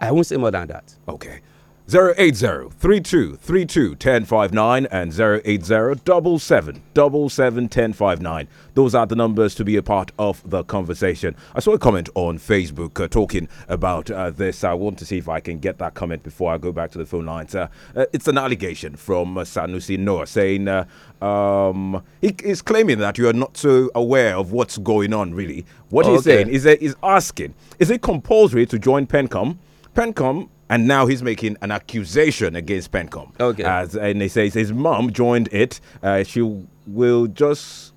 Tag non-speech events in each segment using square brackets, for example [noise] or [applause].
I won't say more than that. Okay. 080-3232-1059 and 080-777-1059. Those are the numbers to be a part of the conversation. I saw a comment on Facebook uh, talking about uh, this. I want to see if I can get that comment before I go back to the phone lines. Uh, uh it's an allegation from uh, Sanusi Noah saying uh, um, he is claiming that you are not so aware of what's going on really. What okay. he's saying is, he's asking, is it compulsory to join PENCOM? Pencom and now he's making an accusation against Pencom. Okay. As, and he says his mom joined it. Uh, she will just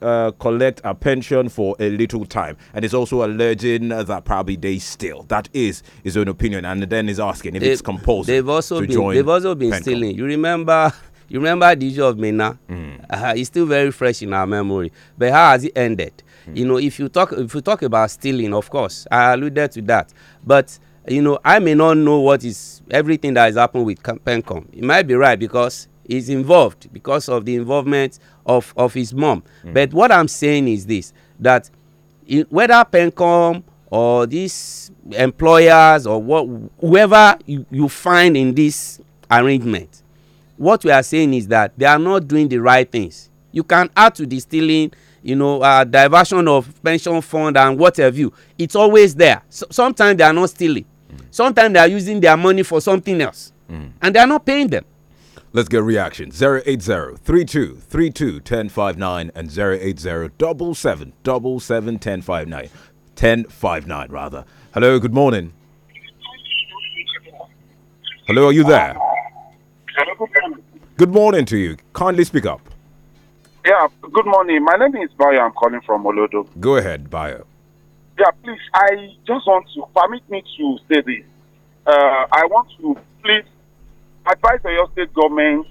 uh, collect a pension for a little time. And he's also alleging that probably they steal. That is his own opinion. And then he's asking if they, it's compulsory. They've also been, they've also been stealing. You remember. You remember the issue of Mena? Mm. Uh, it's still very fresh in our memory. But how has it ended? Mm. You know, if you talk if you talk about stealing, of course, I alluded to that. But you know i may not know what is everything that has happened with pencom it might be right because he's involved because of the involvement of of his mom mm. but what i'm saying is this that in, whether pencom or these employers or what whoever you, you find in this arrangement what we are saying is that they are not doing the right things you can add to the stealing you know uh, diversion of pension fund and what have you it's always there so, sometimes they are not stealing Mm. Sometimes they are using their money for something else mm. and they are not paying them. Let's get reactions 080-3232-1059 and 080-777-1059. rather. Hello, good morning. Hello, are you there? Good morning to you. Kindly speak up. Yeah, good morning. My name is Bayo. I'm calling from Olodo. Go ahead, Bayo. Yeah, please, I just want to permit me to say this. Uh, I want to please advise the your state government.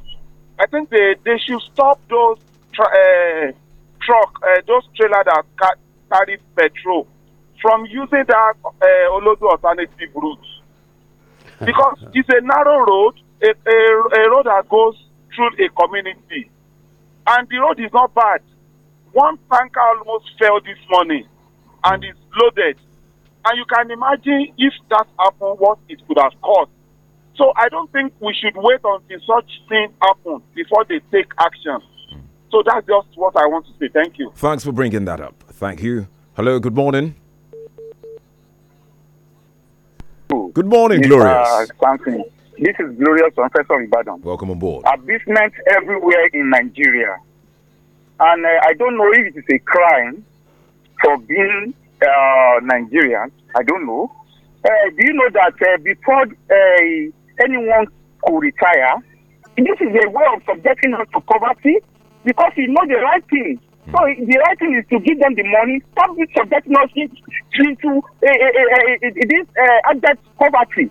I think they, they should stop those tra- uh, truck, uh, those trailer that carry petrol from using that uh, Olodo alternative route. [laughs] Because it's a narrow road, a, a, a road that goes through a community. And the road is not bad. One tanker almost fell this morning and it's loaded. And you can imagine if that happened, what it could have caused. So I don't think we should wait until such things happen before they take action. So that's just what I want to say. Thank you. Thanks for bringing that up. Thank you. Hello, good morning. Good morning, Gloria. Glorious. Uh, Something. This is Glorious Professor Ibadan. Welcome on board. Abasement everywhere in Nigeria. And uh, I don't know if it is a crime for being uh, Nigerian. I don't know. Uh, do you know that uh, before uh, anyone could retire, this is a way of subjecting us to poverty because you know the right thing. Hmm. So the right thing is to give them the money, stop subjecting us into uh, uh, this abject poverty.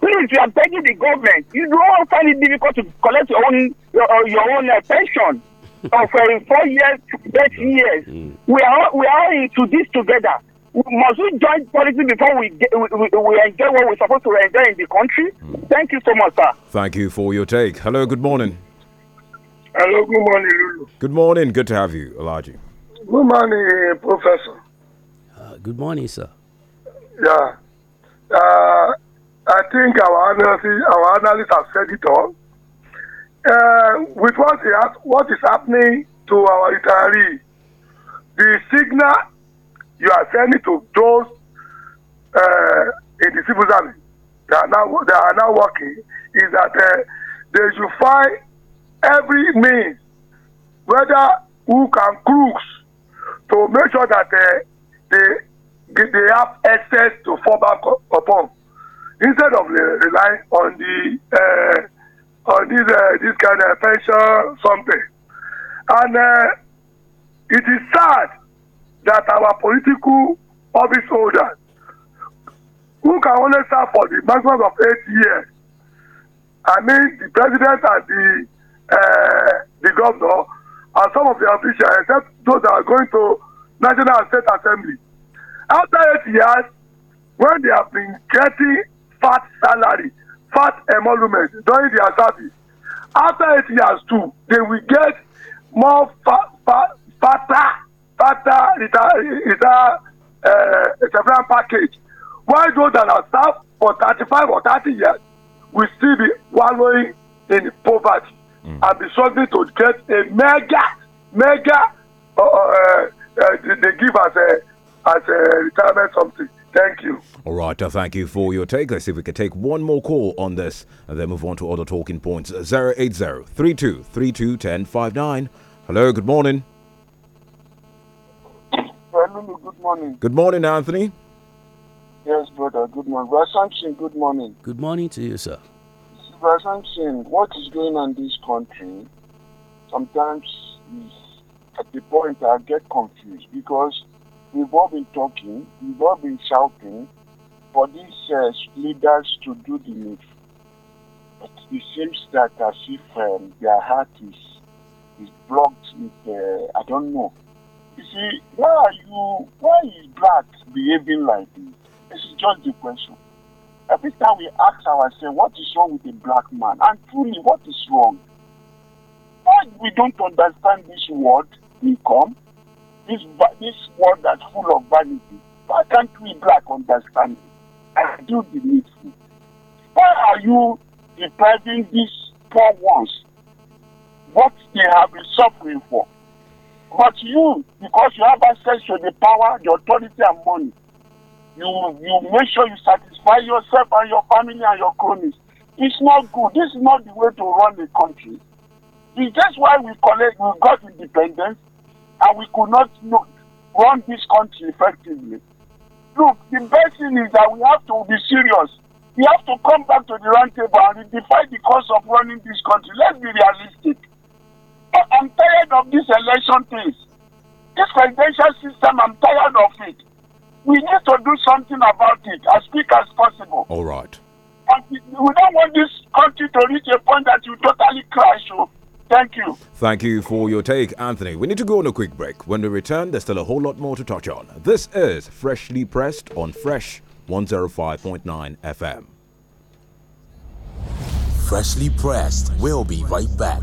Please, you are begging the government. You don't find it difficult to collect your own your, your own pension of uh, four years to eight years. Mm. We are we are into this together. We must we join politics before we, get, we, we, we enjoy what we're supposed to enjoy in the country? Mm. Thank you so much, sir. Thank you for your take. Hello, good morning. Hello, good morning, Lulu. Good morning. Good to have you, Elijah. Good morning, eh, Professor. Uh, good morning, sir. Yeah. Uh, I think our analysts, our analyst has said it all uh, with what is, what is happening to our retiree, the signal you are sending to those uh, in the civil service that are now, that are now working is that uh, they should find every means, whether who can crooks, to make sure that uh, they, they have access to fall back upon instead of relying on the uh, on oh, this, uh, this kind of pension something. And uh, it is sad that our political office holders who can only serve for the maximum of eight years. I mean, the president and the uh, the governor and some of the officials, except those that are going to national and state assembly. After eight years, when they have been getting fat salaries fat emoluments during their service. After eight years too, they will get more fa fa fatter fatter return return uh, eh, severance package while those that are served for thirty-five or thirty years will still be wallowing in poverty mm. and be struggling to get a mega mega uh, uh, uh, they give as a as a retirement something Thank you. All right, uh, thank you for your take. Let's see if we can take one more call on this and then move on to other talking points. 080-3232-1059. Hello, good morning. Good morning. Good morning, Anthony. Yes, brother. Good morning. Brother good morning. Good morning to you, sir. Brother what is going on in this country sometimes at the point I get confused because we've all been talking, we've all been shouting for these uh, leaders to do the need. But it seems that as if um, their heart is, is blocked with, uh, I don't know. You see, why are you, why is black behaving like this? This is just the question. Every time we ask ourselves, what is wrong with the black man? And truly, what is wrong? Why we don't understand this word, income? this this world that's full of vanity. Why can't we black understand it and do the needful? Why are you depriving these poor ones what they have been suffering for? But you, because you have access to the power, the authority, and money, you you make sure you satisfy yourself and your family and your cronies. It's not good. This is not the way to run a country. It's just why we collect we got independence and we could not know, run this country effectively. Look, the best thing is that we have to be serious. We have to come back to the round table and identify the cause of running this country. Let's be realistic. I'm tired of these election things. This presidential system, I'm tired of it. We need to do something about it as quick as possible. All right. And we don't want this country to reach a point that you totally crash. Oh. Thank you. Thank you for your take, Anthony. We need to go on a quick break. When we return, there's still a whole lot more to touch on. This is Freshly Pressed on Fresh 105.9 FM. Freshly Pressed. We'll be right back.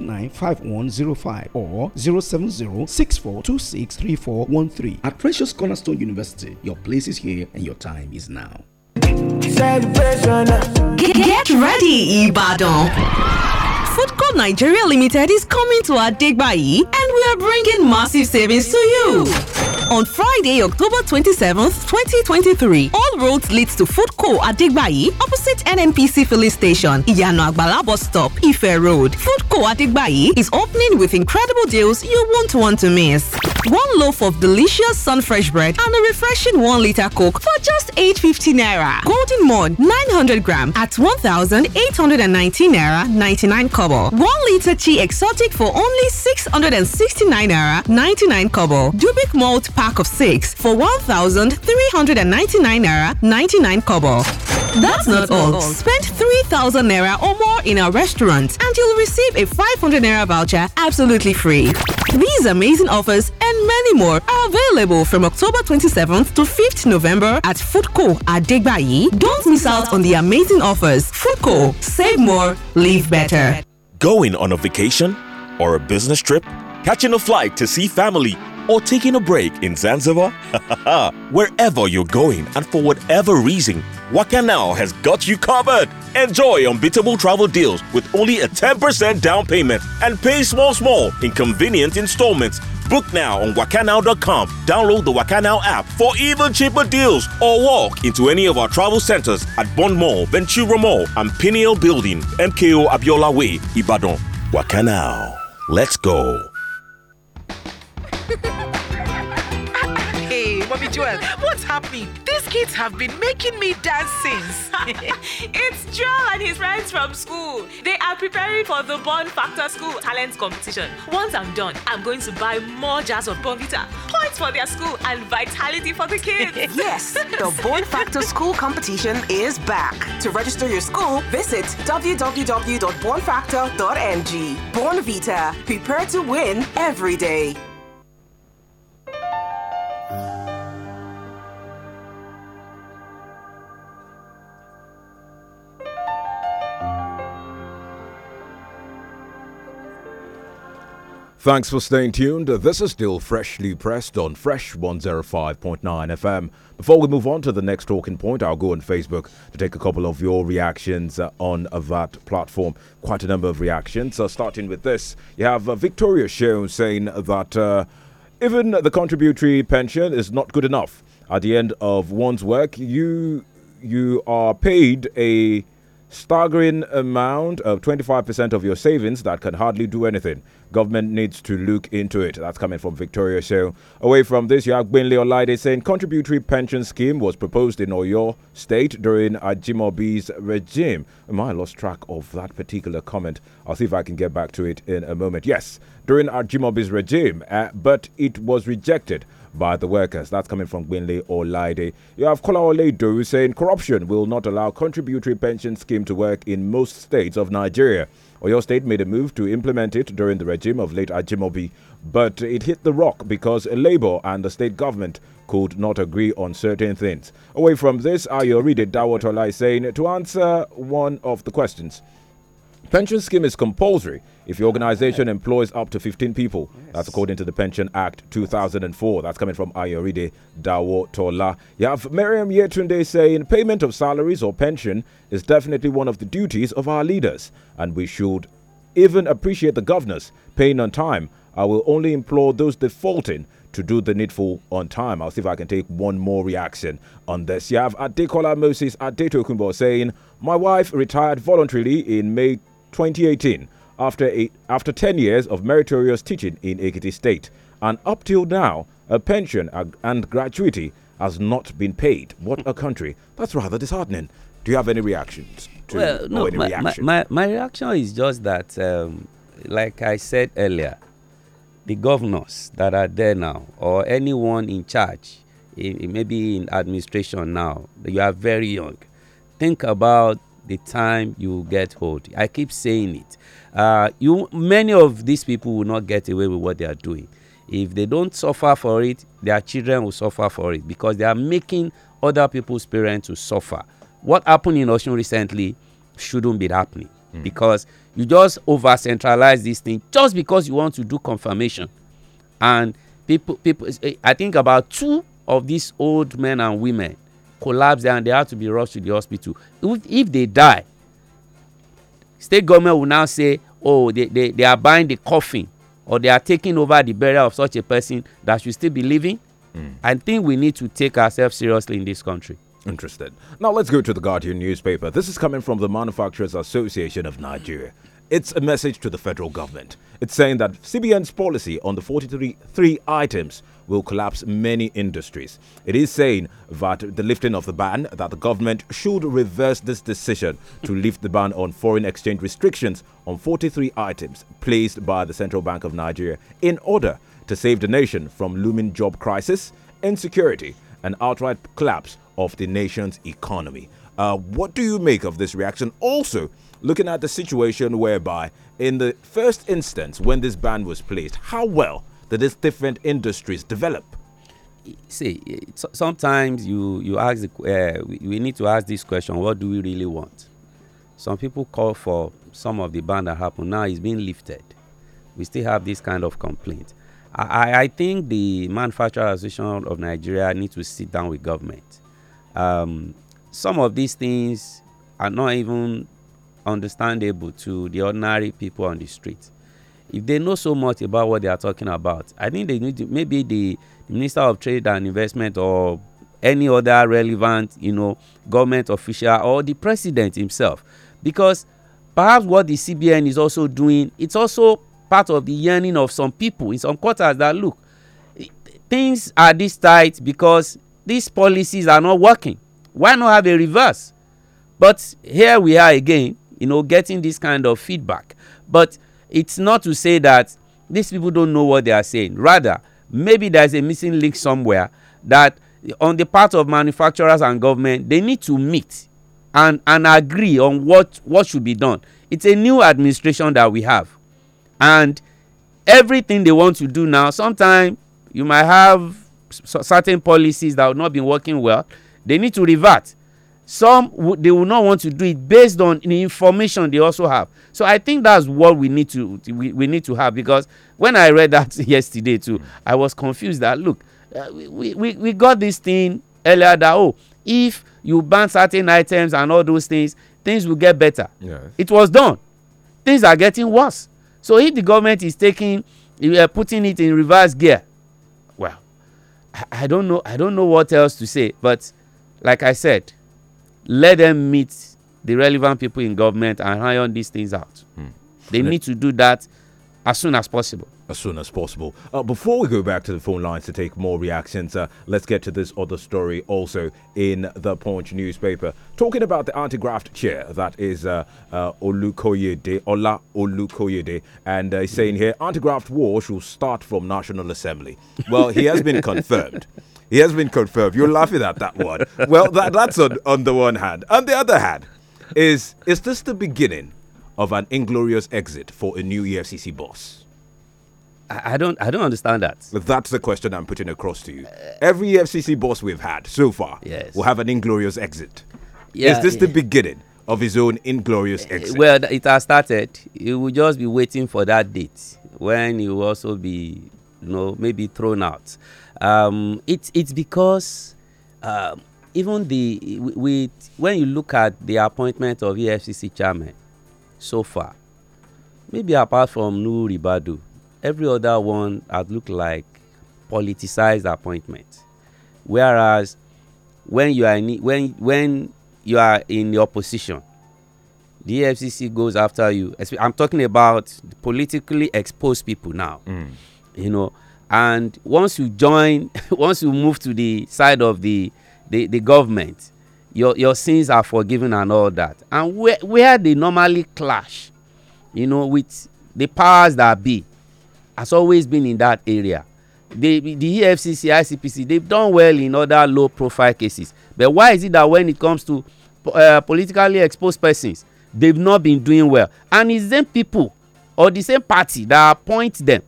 395105 or 070 At Precious Cornerstone University, your place is here and your time is now. Get ready, Ibadan. Food Court Nigeria Limited is coming to Adigbayi and we are bringing massive savings to you. on Friday, October 27th, 2023. All roads leads to Food Co. at Digbayi, opposite NNPC filling station, Iyano Agbala bus stop, Ife Road. Food Co. at Digbayi is opening with incredible deals you won't want to miss. One loaf of delicious Sunfresh bread and a refreshing 1 liter Coke for just 8.50 naira. Golden Mon 900 gram at 1,819 naira 99 kobo. 1 liter tea exotic for only 669 naira 99 kobo. Dubik malt pack of six for 1,399 naira 99 kobo. That's, That's not, not all. all. Spend 3,000 naira or more in our restaurant and you'll receive a 500 naira voucher absolutely free. These amazing offers and many more are available from October 27th to 5th November at Foodco at Degbayi. Don't miss out on the amazing offers. Foodco, save more, live better. Going on a vacation or a business trip? Catching a flight to see family? or taking a break in Zanzibar? [laughs] Wherever you're going and for whatever reason, Waka Now has got you covered. Enjoy unbeatable travel deals with only a 10% down payment and pay small, small in convenient installments. Book now on wakanow.com. Download the Wakanow app for even cheaper deals or walk into any of our travel centers at Bond Mall, Ventura Mall, and Pineal Building, MKO Abiola Way, Ibadan. Wakanow. Let's go hey, Mommy Joel, what's happening? These kids have been making me dance since. [laughs] it's Joel and his friends from school. They are preparing for the Bond Factor School Talent Competition. Once I'm done, I'm going to buy more jars of Bonvita, points for their school, and vitality for the kids. [laughs] yes, the Bond Factor School Competition is back. To register your school, visit www.bornfactor.ng. Bonvita, prepare to win every day. Thanks for staying tuned. This is still freshly pressed on Fresh 105.9 FM. Before we move on to the next talking point, I'll go on Facebook to take a couple of your reactions uh, on that platform. Quite a number of reactions. So uh, starting with this, you have uh, Victoria Show saying that. Uh, even the contributory pension is not good enough. At the end of one's work, you you are paid a staggering amount of 25% of your savings that can hardly do anything. Government needs to look into it. That's coming from Victoria Show. Away from this, you have Gwinle Olaide saying contributory pension scheme was proposed in Oyo State during Ajimobi's regime. Am I lost track of that particular comment. I'll see if I can get back to it in a moment. Yes, during Ajimobi's regime, uh, but it was rejected by the workers. That's coming from Gwinle Olaide. You have Kola Oledo saying corruption will not allow contributory pension scheme to work in most states of Nigeria. Oyo State made a move to implement it during the regime of late Ajimobi, but it hit the rock because Labour and the state government could not agree on certain things. Away from this, Ayoride Dawotola is saying to answer one of the questions. Pension scheme is compulsory if your organization employs up to 15 people, yes. that's according to the Pension Act 2004. That's coming from Ayoride Dawo Tola. You have Miriam Yetunde saying payment of salaries or pension is definitely one of the duties of our leaders, and we should even appreciate the governors paying on time. I will only implore those defaulting to do the needful on time. I'll see if I can take one more reaction on this. You have Adekola Moses Adetokumbo saying, My wife retired voluntarily in May 2018 after, eight, after 10 years of meritorious teaching in Ekiti State. And up till now, a pension and gratuity has not been paid. What a country. That's rather disheartening. Do you have any reactions? To, well, no, my, reaction? My, my, my, reaction is just that, um, like I said earlier, the governors that are there now, or anyone in charge, maybe in administration now, you are very young. Think about the time you get old. I keep saying it uh, you many of these people will not get away with what they are doing if they don't suffer for it their children will suffer for it because they are making other people's parents to suffer what happened in ocean recently shouldn't be happening mm. because you just over centralize this thing just because you want to do confirmation and people people eh, i think about two of these old men and women collapsed and they had to be rushed to the hospital if, if they die state government will now say oh they, they, they are buying the coffin or they are taking over the burial of such a person that should still be living mm. i think we need to take ourselves seriously in this country interested now let's go to the guardian newspaper this is coming from the manufacturers association of nigeria it's a message to the federal government it's saying that cbn's policy on the 43 three items will collapse many industries. It is saying that the lifting of the ban, that the government should reverse this decision to lift the ban on foreign exchange restrictions on 43 items placed by the Central Bank of Nigeria in order to save the nation from looming job crisis, insecurity, and outright collapse of the nation's economy. Uh, what do you make of this reaction? Also, looking at the situation whereby, in the first instance, when this ban was placed, how well that these different industries develop? See, sometimes you you ask the, uh, we need to ask this question: What do we really want? Some people call for some of the ban that happened now is being lifted. We still have this kind of complaint. I, I think the Manufacturer Association of Nigeria need to sit down with government. Um, some of these things are not even understandable to the ordinary people on the street if they know so much about what they are talking about i think they need to maybe the, the minister of trade and investment or any other relevant you know government official or the president himself because perhaps what the cbn is also doing it's also part of the yearning of some people in some quarters that look things are this tight because these policies are not working why not have a reverse but here we are again you know getting this kind of feedback but it's not to say that these people don't know what they are saying. Rather, maybe there's a missing link somewhere that on the part of manufacturers and government, they need to meet and, and agree on what, what should be done. It's a new administration that we have. And everything they want to do now, sometimes you might have certain policies that have not been working well. They need to revert some they will not want to do it based on the information they also have so i think that's what we need to we, we need to have because when i read that [laughs] yesterday too i was confused that look uh, we, we we got this thing earlier that oh if you ban certain items and all those things things will get better yes. it was done things are getting worse so if the government is taking uh, putting it in reverse gear well I, I don't know i don't know what else to say but like i said let them meet the relevant people in government and iron these things out. Hmm. They and need to do that as soon as possible. As soon as possible. Uh, before we go back to the phone lines to take more reactions, uh, let's get to this other story also in the Punch newspaper. Talking about the anti graft chair that is uh, uh, Olukoyede, Ola Olukoyede, and uh, he's saying here anti graft war should start from National Assembly. Well, he has been [laughs] confirmed. He has been confirmed. You're laughing at that one. Well, that, that's on, on the one hand. On the other hand, is is this the beginning of an inglorious exit for a new EFCC boss? I, I don't I don't understand that. That's the question I'm putting across to you. Every EFCC boss we've had so far yes. will have an inglorious exit. Yeah, is this yeah. the beginning of his own inglorious eh, exit? Well, it has started. He will just be waiting for that date when he will also be, you know, maybe thrown out um, it's it's because uh, even the we when you look at the appointment of EFCC chairman so far, maybe apart from Nuri Badu, every other one had looked like politicized appointment. Whereas when you are in, when when you are in the opposition, the EFCC goes after you. I'm talking about politically exposed people now. Mm. You know and once you join [laughs] once you move to the side of the the, the government your your sins are forgiven and all that and where where they normally clash you know with the powers that be has always been in that area the the efcc icpc they've done well in other low profile cases but why is it that when it comes to uh, politically exposed persons they've not been doing well and it's the same people or the same party that appoint them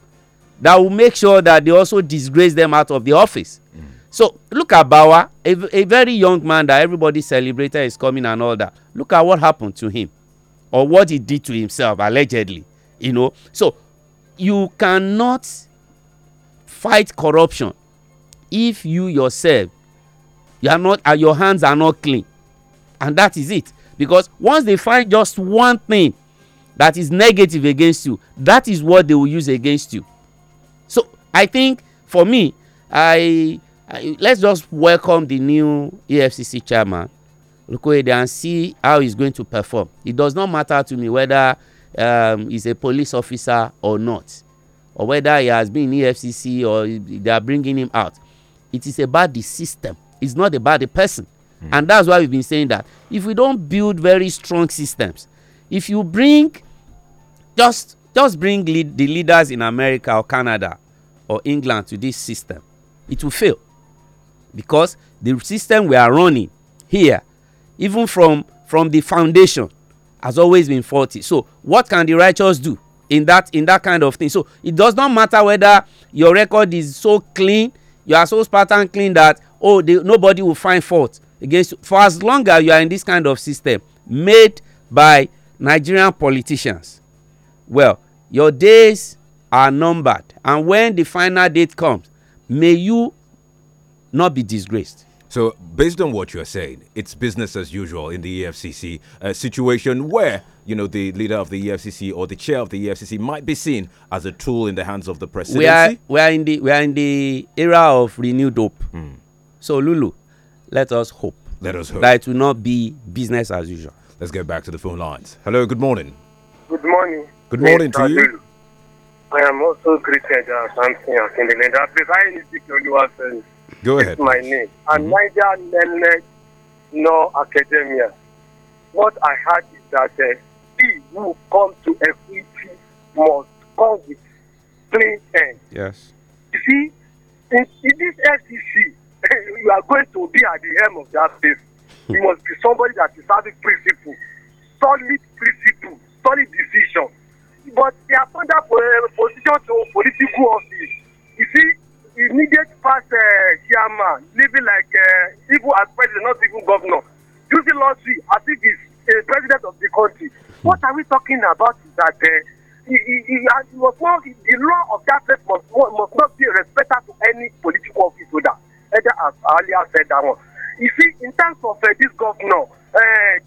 that will make sure that they also disgrace them out of the office. Mm. So look at Bawa, a, a, very young man that everybody celebrated is coming and all that. Look at what happened to him or what he did to himself allegedly, you know. So you cannot fight corruption if you yourself you are not uh, your hands are not clean and that is it because once they find just one thing that is negative against you that is what they will use against you I think for me, I, I let's just welcome the new EFCC chairman, Lukoede, and see how he's going to perform. It does not matter to me whether um, he's a police officer or not, or whether he has been in EFCC or they are bringing him out. It is about the system. It's not about the person. Mm. And that's why we've been saying that if we don't build very strong systems, if you bring just just bring lead, the leaders in America or Canada or England to this system, it will fail because the system we are running here, even from from the foundation, has always been faulty. So what can the righteous do in that in that kind of thing? So it does not matter whether your record is so clean, you are so Spartan clean that oh they, nobody will find fault against you. For as long as you are in this kind of system made by Nigerian politicians, well your days are numbered and when the final date comes may you not be disgraced. So, based on what you're saying, it's business as usual in the EFCC situation where, you know, the leader of the EFCC or the chair of the EFCC might be seen as a tool in the hands of the presidency. We are, we are, in, the, we are in the era of renewed hope. Mm. So, Lulu, let us hope. Let us hope. That it will not be business as usual. Let's go back to the phone lines. Hello, good morning. Good morning. Good morning to you. I am also Christian Samson Akindelenda. Before anything, Oluwaseyi. Go ahead. It's my name. Mm-hmm. And mm -hmm. neither Nene nor academia. What I heard is that uh, he who comes to equity must come with plain end. Yes. You see, in, in this FCC, [laughs] you are going to be at the helm of that place. Hmm. you must be somebody that is having principle, solid principle, solid decision but they are appoint that eh, position to political office. You see, immediate past uh, chairman living like uh, eh, even as president, not even governor, using lottery as if he's a president of the country. Hmm. What are we talking about is that uh, he, he, he, was not, the law of that place must, must not be respected to any political office holder. Either as earlier said that one. You see, in terms of uh, this governor, uh,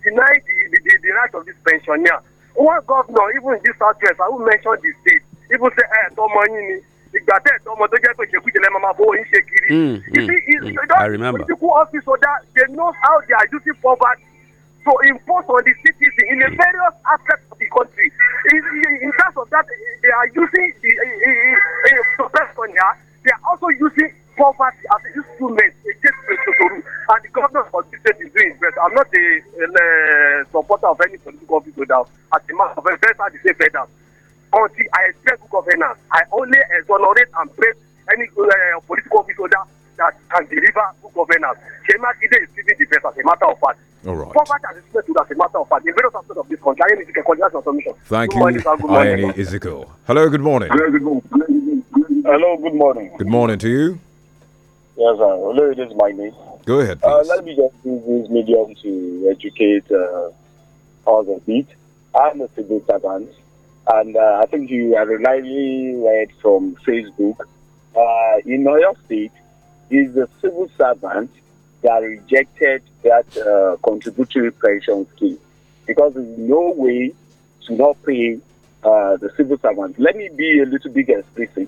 deny the, the, the right of this pensioner one governor even in this address i will mention the state even say eh, ẹ tọmọ yín ni ìgbà tẹ tọmọ tó jẹ pé ìṣèkújẹ lẹ máa bó yín ṣe kiri. Hmm, you hmm, see it's mm, that political office so that they know how they are using poverty to impose on the citizens in the various aspects of the country in, terms of that they are using the uh, uh, uh, to press on here they are also using poverty as these instrument against Mr. Toru. And the governor of the state is doing best. I'm not a, a, a supporter of any political people now. At the matter of best, I say further. Until I expect governance, I only exonerate and praise any uh, political officer that can deliver good governance. Shema Kide is giving the best as a matter of fact. All right. to a matter of fact. of this country, Thank you, Ayani Ezekiel. Hello, good morning. Hello, good morning. Hello, good morning. Good morning to you. Yes, sir. Hello, it is my name. Go ahead, Uh, let me just use this medium to educate uh, us a bit. I'm a civil servant, and uh, I think you are reliably read from Facebook. Uh, in Oyo State, is a civil servant that rejected that uh, contributory pension scheme because there's no way to not pay uh, the civil servant. Let me be a little bit explicit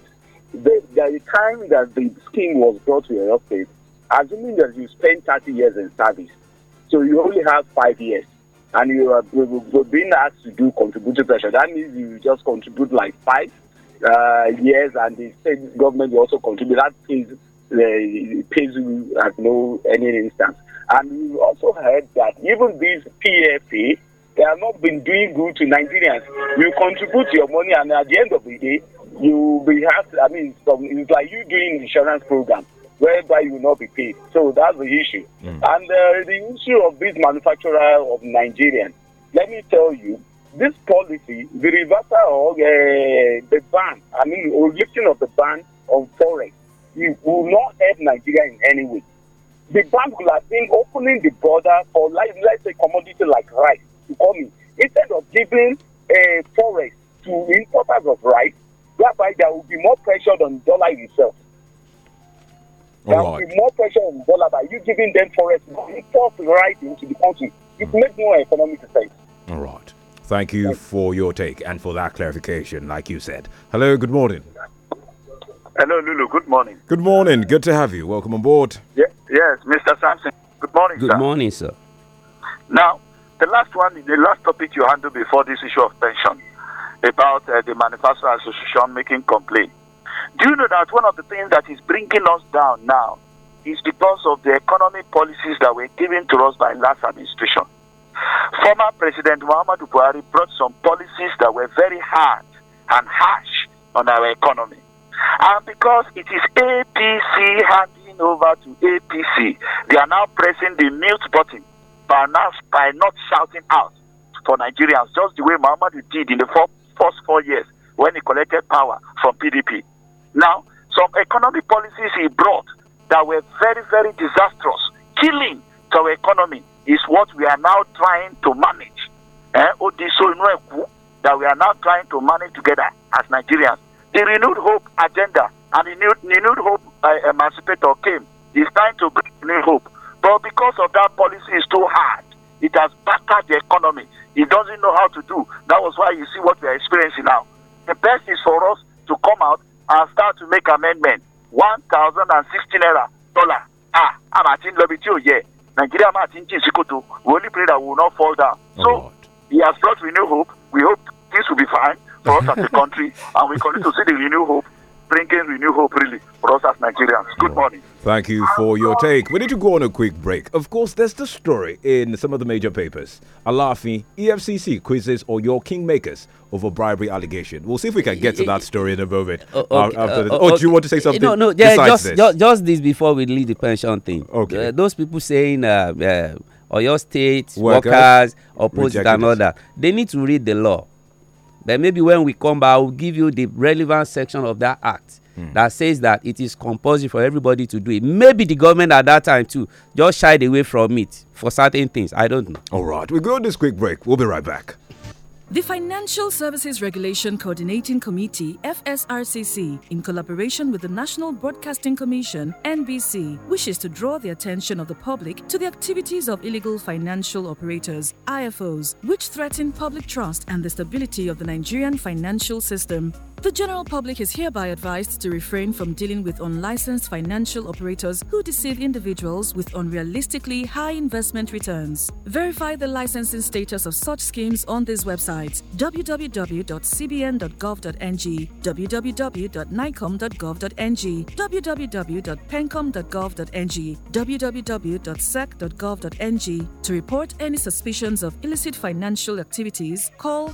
the, the time that the scheme was brought to your state, assuming that you spend 30 years in service, so you only have five years, and you are being asked to do contributory pension, that means you just contribute like five uh, years, and the state government will also contribute. That pays, uh, pays you at no any instance. And we also heard that even these PFA, they have not been doing good to Nigerians. You contribute your money, and at the end of the day, you will have to, I mean, it's like you doing insurance program whereby you will not be paid. So that's the issue. Mm. And uh, the issue of this manufacturer of Nigerian, let me tell you, this policy, the reversal of uh, the ban, I mean, lifting of the ban on forex, it will not help Nigeria in any way. The ban will have been opening the border for, like, let's say, commodity like rice to come in. Instead of giving uh, forex to importers of rice, thereby there will be more pressure on dollar itself. Oh, there will be more pressure on dollar by you giving them forex money forced right into the country. It mm. makes more economic sense. All right. Thank you for your take and for that clarification, like you said. Hello, good morning. Hello, Lulu. Good morning. Good morning. Good to have you. Welcome on board. Yeah, yes, Mr. Sampson. Good morning, Good sir. morning, sir. Now, the last one, the last topic you handled before this issue of pension about uh, the Manufacturer Association making complaint. Do you know that one of the things that is bringing us down now is because of the economic policies that were given to us by last administration? Former President Muhammad Buhari brought some policies that were very hard and harsh on our economy. And because it is APC handing over to APC, they are now pressing the mute button by not, by not shouting out for Nigerians, just the way Muhammad did in the four first four years when he collected power from PDP. Now, some economic policies he brought that were very, very disastrous, killing to our economy, is what we are now trying to manage. Eh? That we are now trying to manage together as Nigerians. The renewed hope agenda and the new, renewed hope uh, emancipator came. It's time to bring new hope. But because of that policy is too hard, it has battered the economy. It doesn't know how to do. That was why you see what we are experiencing now. The best is for us to come out and start to make amendments. One thousand and sixteen dollar. Ah, I'm at in Lobitio, yeah. Nigeria, I'm at in We only pray that we will not fall down. Oh, so, Lord. he has brought renewed hope. We hope this will be fine for us as a country, and we continue to see the renewed hope bringing hope really for us as Nigerians. Good morning. Thank you for your take. We need to go on a quick break. Of course, there's the story in some of the major papers. Alafi, EFCC quizzes or your kingmakers over bribery allegation. We'll see if we can get to that story in a moment. Oh, uh, okay, after uh, Oh, do you want to say something? No, no, yeah, just, this? Just, just this before we leave the pension thing. Okay. Uh, those people saying, uh, uh, or your state workers, workers opposed and all that, they need to read the law but maybe when we come back, I will give you the relevant section of that act mm. that says that it is compulsory for everybody to do it. Maybe the government at that time too just shied away from it for certain things. I don't know. All right, we go this quick break. We'll be right back. The Financial Services Regulation Coordinating Committee, FSRCC, in collaboration with the National Broadcasting Commission, NBC, wishes to draw the attention of the public to the activities of illegal financial operators, IFOs, which threaten public trust and the stability of the Nigerian financial system. The general public is hereby advised to refrain from dealing with unlicensed financial operators who deceive individuals with unrealistically high investment returns. Verify the licensing status of such schemes on these websites www.cbn.gov.ng, www.nicom.gov.ng, www.pencom.gov.ng, www.sec.gov.ng. To report any suspicions of illicit financial activities, call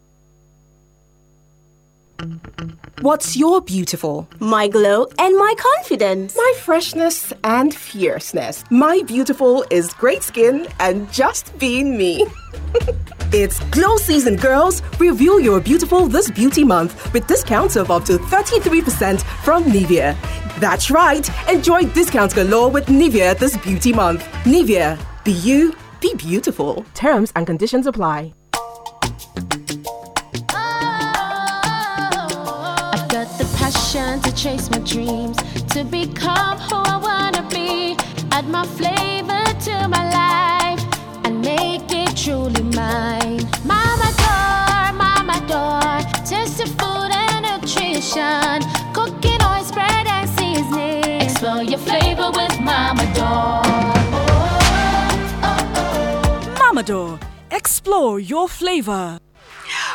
What's your beautiful? My glow and my confidence. My freshness and fierceness. My beautiful is great skin and just being me. [laughs] it's glow season, girls. Review your beautiful this beauty month with discounts of up to 33% from Nivea. That's right. Enjoy discounts galore with Nivea this beauty month. Nivea, be you, be beautiful. Terms and conditions apply. passion to chase my dreams, to become who I wanna be. Add my flavor to my life and make it truly mine. Mama door, mama door, tasty food and nutrition, cooking oil spread and seasoning. Explore your flavor with Mama door. Mama door, explore your flavor.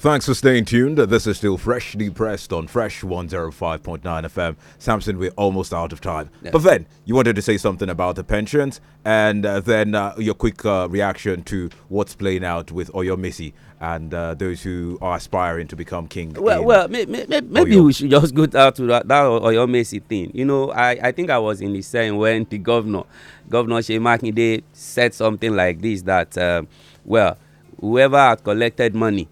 Thanks for staying tuned. This is still freshly pressed on Fresh 105.9 FM. Samson, we're almost out of time. Yeah. But then you wanted to say something about the pensions and uh, then uh, your quick uh, reaction to what's playing out with Oyo Missy and uh, those who are aspiring to become king. Well, well may, may, may, maybe we should just go down to that, that Oyo Missy thing. You know, I, I think I was in the same when the governor, Governor Shemakinde, said something like this that, uh, well, whoever had collected money,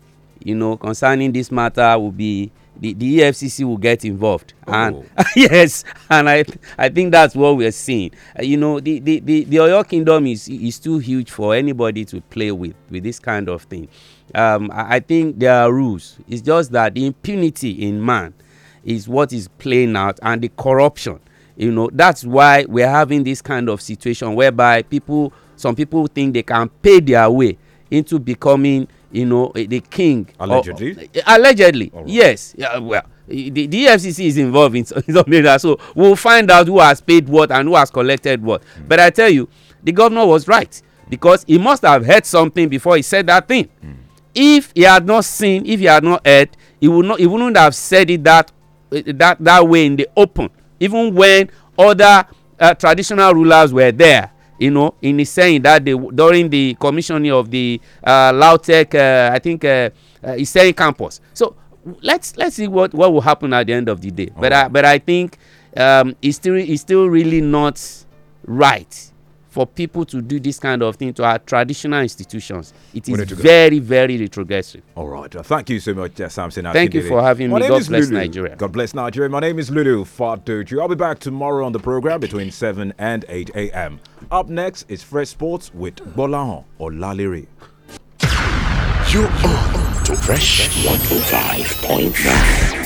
you know concerning this matter will be the, the efcc will get involved oh. and [laughs] yes and i i think that's what we're seeing uh, you know the the the, the oyo kingdom is is too huge for anybody to play with with this kind of thing um, I, I, think there are rules it's just that the impunity in man is what is playing out and the corruption you know that's why we're having this kind of situation whereby people some people think they can pay their way into becoming you know, eh, the king. Allegedly. Or, oh, oh, eh, allegedly, right. yes. Yeah, well, eh, the, the FCC is involved in [laughs] something that, so we'll find out who has paid what and who has collected what. Mm. But I tell you, the governor was right because he must have heard something before he said that thing. Mm. If he had not seen, if he had not heard, he would not, he wouldn't have said it that that that way in the open, even when other uh, traditional rulers were there you know, in his saying that during the commissioning of the uh, Lautech, uh, I think, uh, uh, campus. So let's let's see what what will happen at the end of the day. Oh. But I, but I think um, it's still it's still really not right for people to do this kind of thing to our traditional institutions. It is very, very retrogressive. All right. Uh, thank you so much, uh, Samson. Thank you for having My me. God bless Lulu. Nigeria. God bless Nigeria. My name is Lulu Fatuju. I'll be back tomorrow on the program between 7 and 8 a.m. Up next is Fresh Sports with Bolan or Laliri. You are on to Fresh 105.9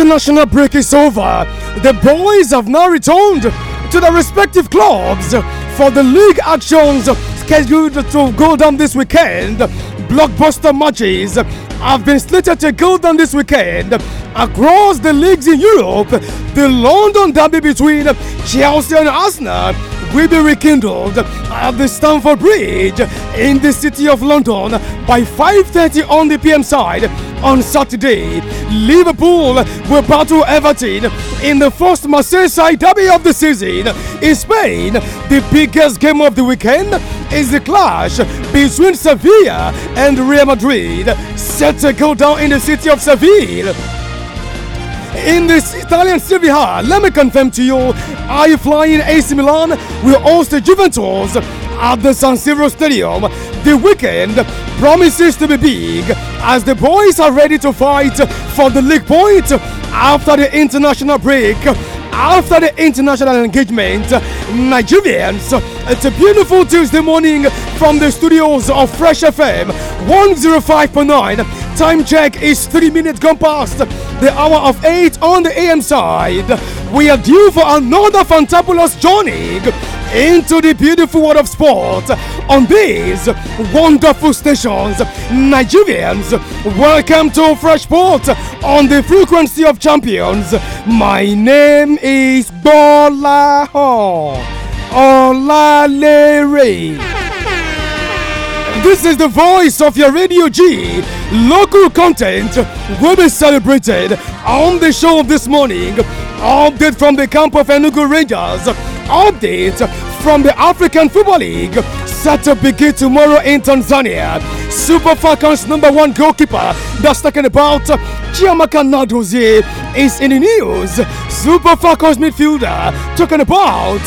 international break is over, the boys have now returned to their respective clubs for the league actions scheduled to go down this weekend. Blockbuster matches have been slated to go down this weekend across the leagues in Europe. The London derby between Chelsea and Arsenal will be rekindled at the Stamford Bridge in the city of London by 5:30 on the PM side on Saturday. Liverpool will battle Everton in the first Marseille derby of the season. In Spain, the biggest game of the weekend is the clash between Sevilla and Real Madrid, set to go down in the city of Seville in this Italian Serie A. Let me confirm to you, I flying AC Milan will host the Juventus at the San Siro Stadium. The weekend promises to be big as the boys are ready to fight for the league point after the international break. After the international engagement, Nigerians, it's a beautiful Tuesday morning from the studios of Fresh FM 105.9 time check is three minutes gone past the hour of eight on the AM side. We are due for another fantabulous journey into the beautiful world of sport on these wonderful stations. Nigerians, welcome to Fresh Sport on the frequency of champions. My name is Bola Ho Olalere. This is the voice of your Radio G. Local content will be celebrated on the show this morning. Update from the camp of Enugu Rangers. Update from the African Football League set to begin tomorrow in Tanzania. Super Falcons number one goalkeeper, that's talking about Chiamaka Nadozie, is in the news. Super Falcons midfielder, talking about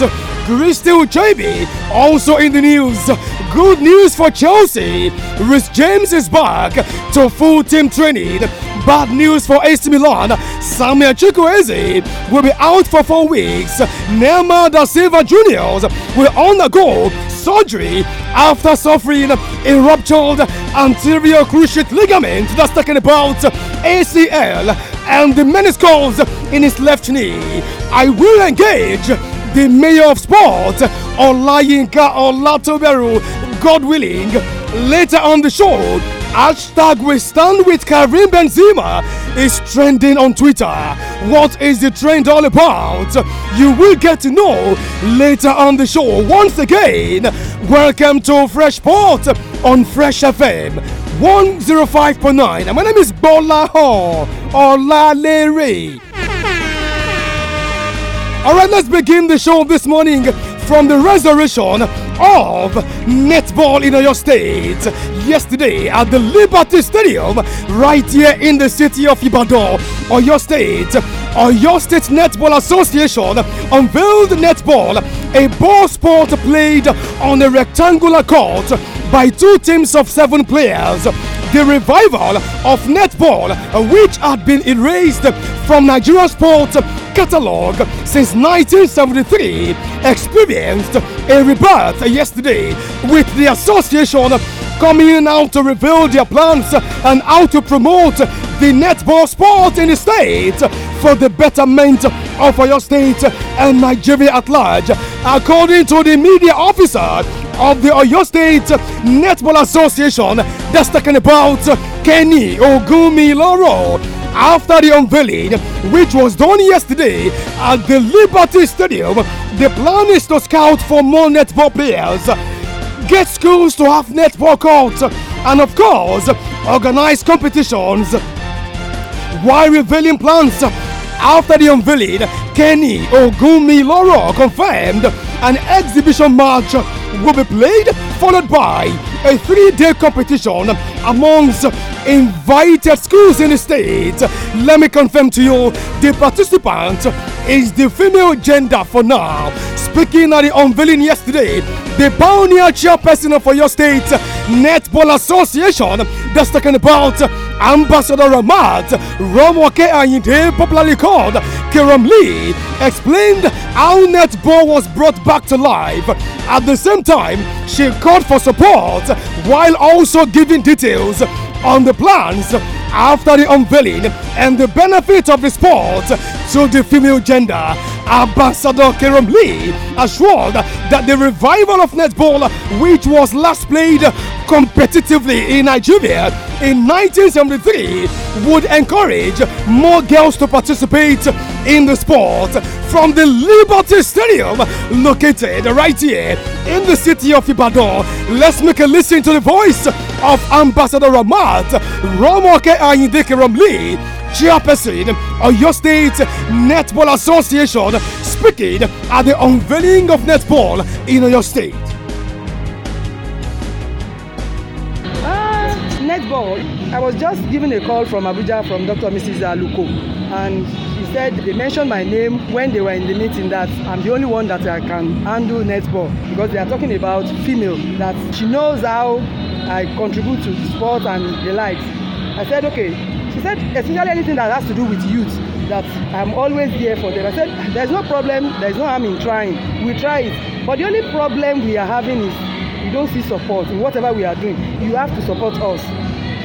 Christy Chabi, also in the news. Good news for Chelsea, Rhys James is back to full team training. Bad news for AC Milan. Samuel Chukwueze will be out for four weeks. Neymar da Silva Juniors will undergo surgery after suffering a ruptured anterior cruciate ligament that's talking about ACL and the meniscus in his left knee. I will engage the mayor of sport Olayinka Olatoberu, God willing, later on the show Hashtag we stand with Karim Benzema is trending on Twitter. What is the trend all about? You will get to know later on the show. Once again, welcome to Fresh Port on Fresh FM 105.9. And my name is Bola Ho Olalere. All right, let's begin the show this morning from the resurrection of netball in your State yesterday at the Liberty Stadium right here in the city of Ibadan, your State. Oyo State Netball Association unveiled netball, a ball sport played on a rectangular court by two teams of seven players the revival of netball, which had been erased from Nigerian sports catalog since 1973, experienced a rebirth yesterday with the association coming out to reveal their plans and how to promote the netball sport in the state for the betterment of your State and Nigeria at large. According to the media officer, of the Oyo State Netball Association. That's talking about Kenny Ogumiloro after the unveiling, which was done yesterday at the Liberty Stadium. The plan is to scout for more netball players, get schools to have netball courts, and of course, organize competitions while revealing plans after the unveiling, Kenny Ogumiloro confirmed an exhibition match will be played, followed by a three day competition amongst invited schools in the state. Let me confirm to you the participant is the female gender for now. Speaking at the unveiling yesterday, the Pioneer chairperson for your state Netball Association that's talking about Ambassador Ramat Romwake Ayinde, popularly called Kiram Lee, explained how netball was brought back to life. At the same time, she called for support while also giving details on the plans after the unveiling and the benefits of the sport to the female gender. Ambassador Kerem Lee assured that the revival of netball, which was last played competitively in Nigeria in 1973 would encourage more girls to participate in the sport from the Liberty Stadium located right here in the city of Ibadan. Let's make a listen to the voice of Ambassador Ramat Romoke Ayindeke Ramli, chairperson of your state Netball Association, speaking at the unveiling of netball in your state. God, I was just given a call from Abuja from Dr. Mrs. Aluko, and she said they mentioned my name when they were in the meeting that I'm the only one that I can handle netball because they are talking about female, that she knows how I contribute to sport and the likes. I said, okay. She said, essentially anything that has to do with youth, that I'm always there for them. I said, there's no problem, there's no harm in trying. We try it. But the only problem we are having is we don't see support in whatever we are doing. You have to support us.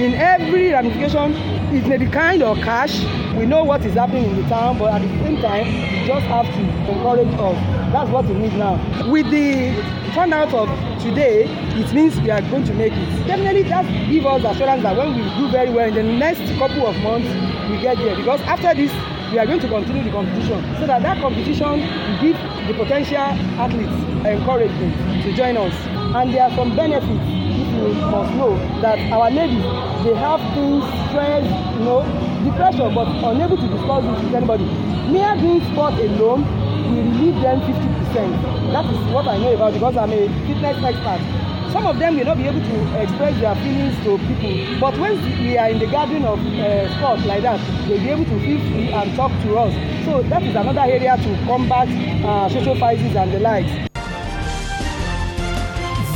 in every ramification it may be kind or cash we know what is happening in the town but at the same time we just have to encourage us that's what we need now with the turnout of today it means we are going to make it definitely that give us assurance that when we do very well in the next couple of months we get there because after this we are going to continue the competition so that that competition will give the potential athletes encouragement to join us and there are some benefits must know that our ladies they have things stress you know depression but unable to discuss this with anybody mere being sport alone will relieve them fifty percent that is what i know about because i'm a fitness expert some of them may not be able to express their feelings to people but when we are in the gathering of uh, sport like that they be able to feel free and talk to us so that is another area to combat uh, social crisis and the like.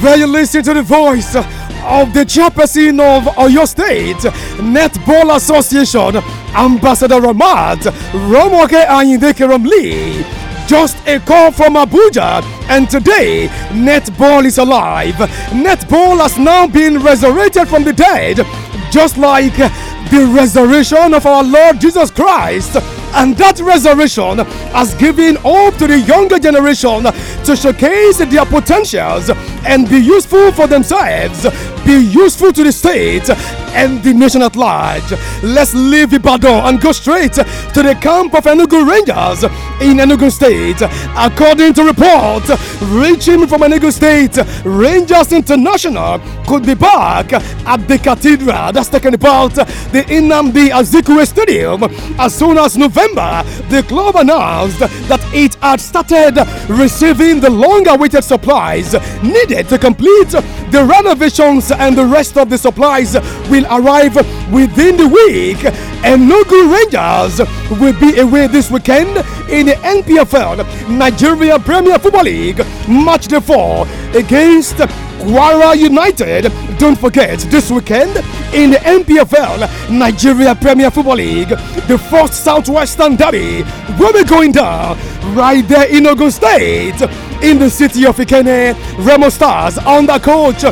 There you listen to the voice of the chairperson of Oyo State Netball Association, Ambassador Ramad Romoke Ayindekeram Lee. Just a call from Abuja, and today netball is alive. Netball has now been resurrected from the dead, just like the resurrection of our Lord Jesus Christ. And that resurrection has given hope to the younger generation to showcase their potentials and be useful for themselves, be useful to the state and the nation at large. Let's leave Ibadan and go straight to the camp of Enugu Rangers in Enugu State. According to reports reaching from Enugu State, Rangers International could be back at the Cathedral. That's taking part the Inamdi Azikwe Stadium. As soon as November, the club announced that it had started receiving the long awaited supplies needed to complete the renovations, and the rest of the supplies will arrive within the week. And Enugu Rangers will be away this weekend in the NPFL Nigeria Premier Football League match the four against Guara United. Don't forget, this weekend in the NPFL, Nigeria Premier Football League, the first Southwestern Derby will be going down right there in Ogun State, in the city of Ikene. Remo Stars under coach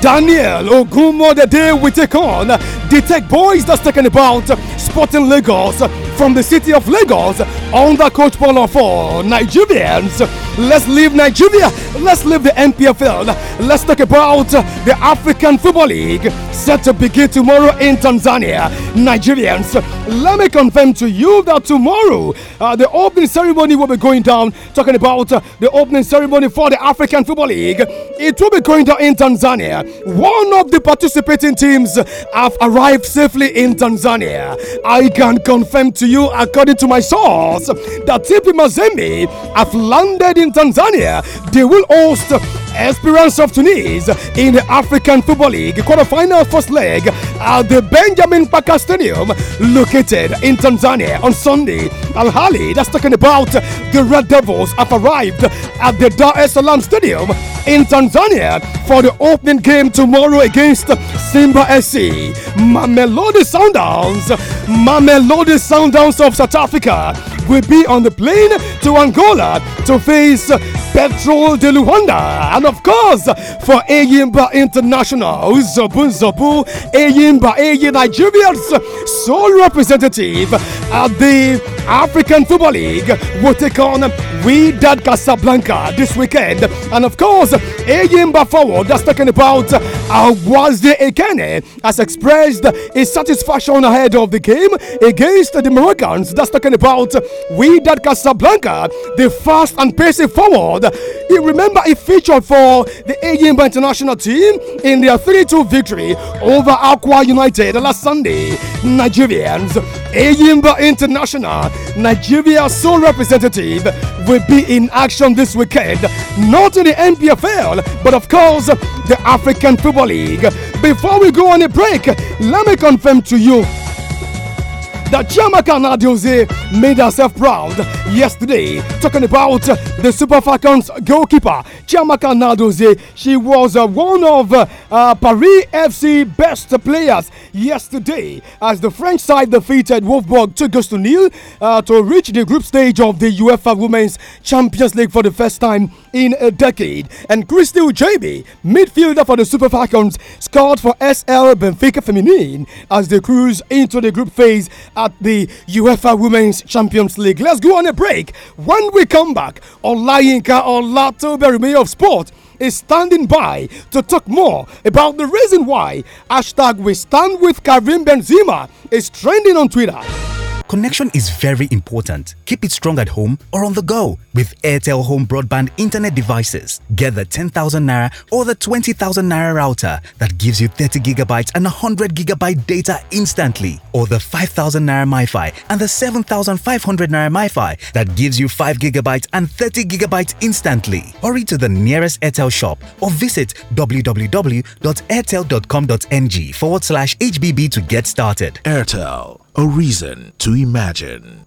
Daniel Ogumo the day we take on the Tech Boys that's taking about Sporting Lagos from the city of Lagos on the Coach Polo for Nigerians. Let's leave Nigeria. Let's leave the NPFL. Let's talk about the African Football League set to begin tomorrow in Tanzania. Nigerians, let me confirm to you that tomorrow uh, the opening ceremony will be going down. Talking about uh, the opening ceremony for the African Football League, it will be going down in Tanzania. One of the participating teams have arrived safely in Tanzania. I can confirm to to you according to my source that TP Mazembe have landed in Tanzania. They will host aspirants of Tunis in the African Football League quarterfinal first leg at the Benjamin Packer Stadium located in Tanzania on Sunday. Al Hali, that's talking about the Red Devils, have arrived at the Dar es Salaam Stadium in Tanzania for the opening game tomorrow against Simba SC. Mamelodi Sundowns. Mamelodi Sundowns. Sundowns of South Africa will be on the plane to Angola to face Petrol de Luanda. And of course, for Ayimba International, Zabu Zabu, Ayimba Ayi Nigeria's sole representative at the African Football League will take on Wydad Casablanca this weekend. And of course, Ayimba forward that's talking about Awazde Ekene has expressed his satisfaction ahead of the game against the arrogance that's talking about we that Casablanca, the fast and pacey forward. You remember he featured for the Ayimba international team in their 3 2 victory over Aqua United last Sunday. Nigerians, Ayimba International, Nigeria's sole representative, will be in action this weekend, not in the NPFL, but of course the African Football League. Before we go on a break, let me confirm to you that Chama Canadiose made herself proud yesterday, talking about the Super Falcons goalkeeper, Chama Canadiose. She was uh, one of uh, Paris FC best players yesterday as the French side defeated Wolfsburg 2 goals to nil uh, to reach the group stage of the UEFA Women's Champions League for the first time in a decade. And Christy Ujebe, midfielder for the Super Falcons, scored for SL Benfica Feminine as they cruise into the group phase at the UEFA Women's Champions League. Let's go on a break. When we come back, Olayinka Olatoberime May of Sport is standing by to talk more about the reason why hashtag we stand with Karim Benzema is trending on Twitter. Connection is very important. Keep it strong at home or on the go with Airtel Home Broadband Internet devices. Get the 10,000 Naira or the 20,000 Naira router that gives you 30 gigabytes and 100 gigabyte data instantly, or the 5,000 Naira MiFi and the 7,500 Naira MiFi that gives you 5 gigabytes and 30 gigabytes instantly. Hurry to the nearest Airtel shop or visit www.airtel.com.ng forward slash HBB to get started. Airtel a reason to imagine.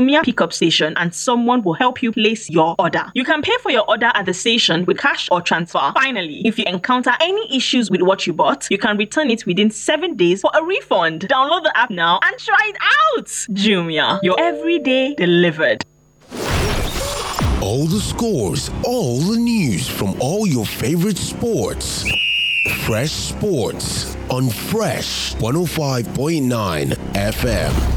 Jumia pickup station and someone will help you place your order. You can pay for your order at the station with cash or transfer. Finally, if you encounter any issues with what you bought, you can return it within 7 days for a refund. Download the app now and try it out. Jumia, your everyday delivered. All the scores, all the news from all your favorite sports. Fresh Sports on Fresh 105.9 FM.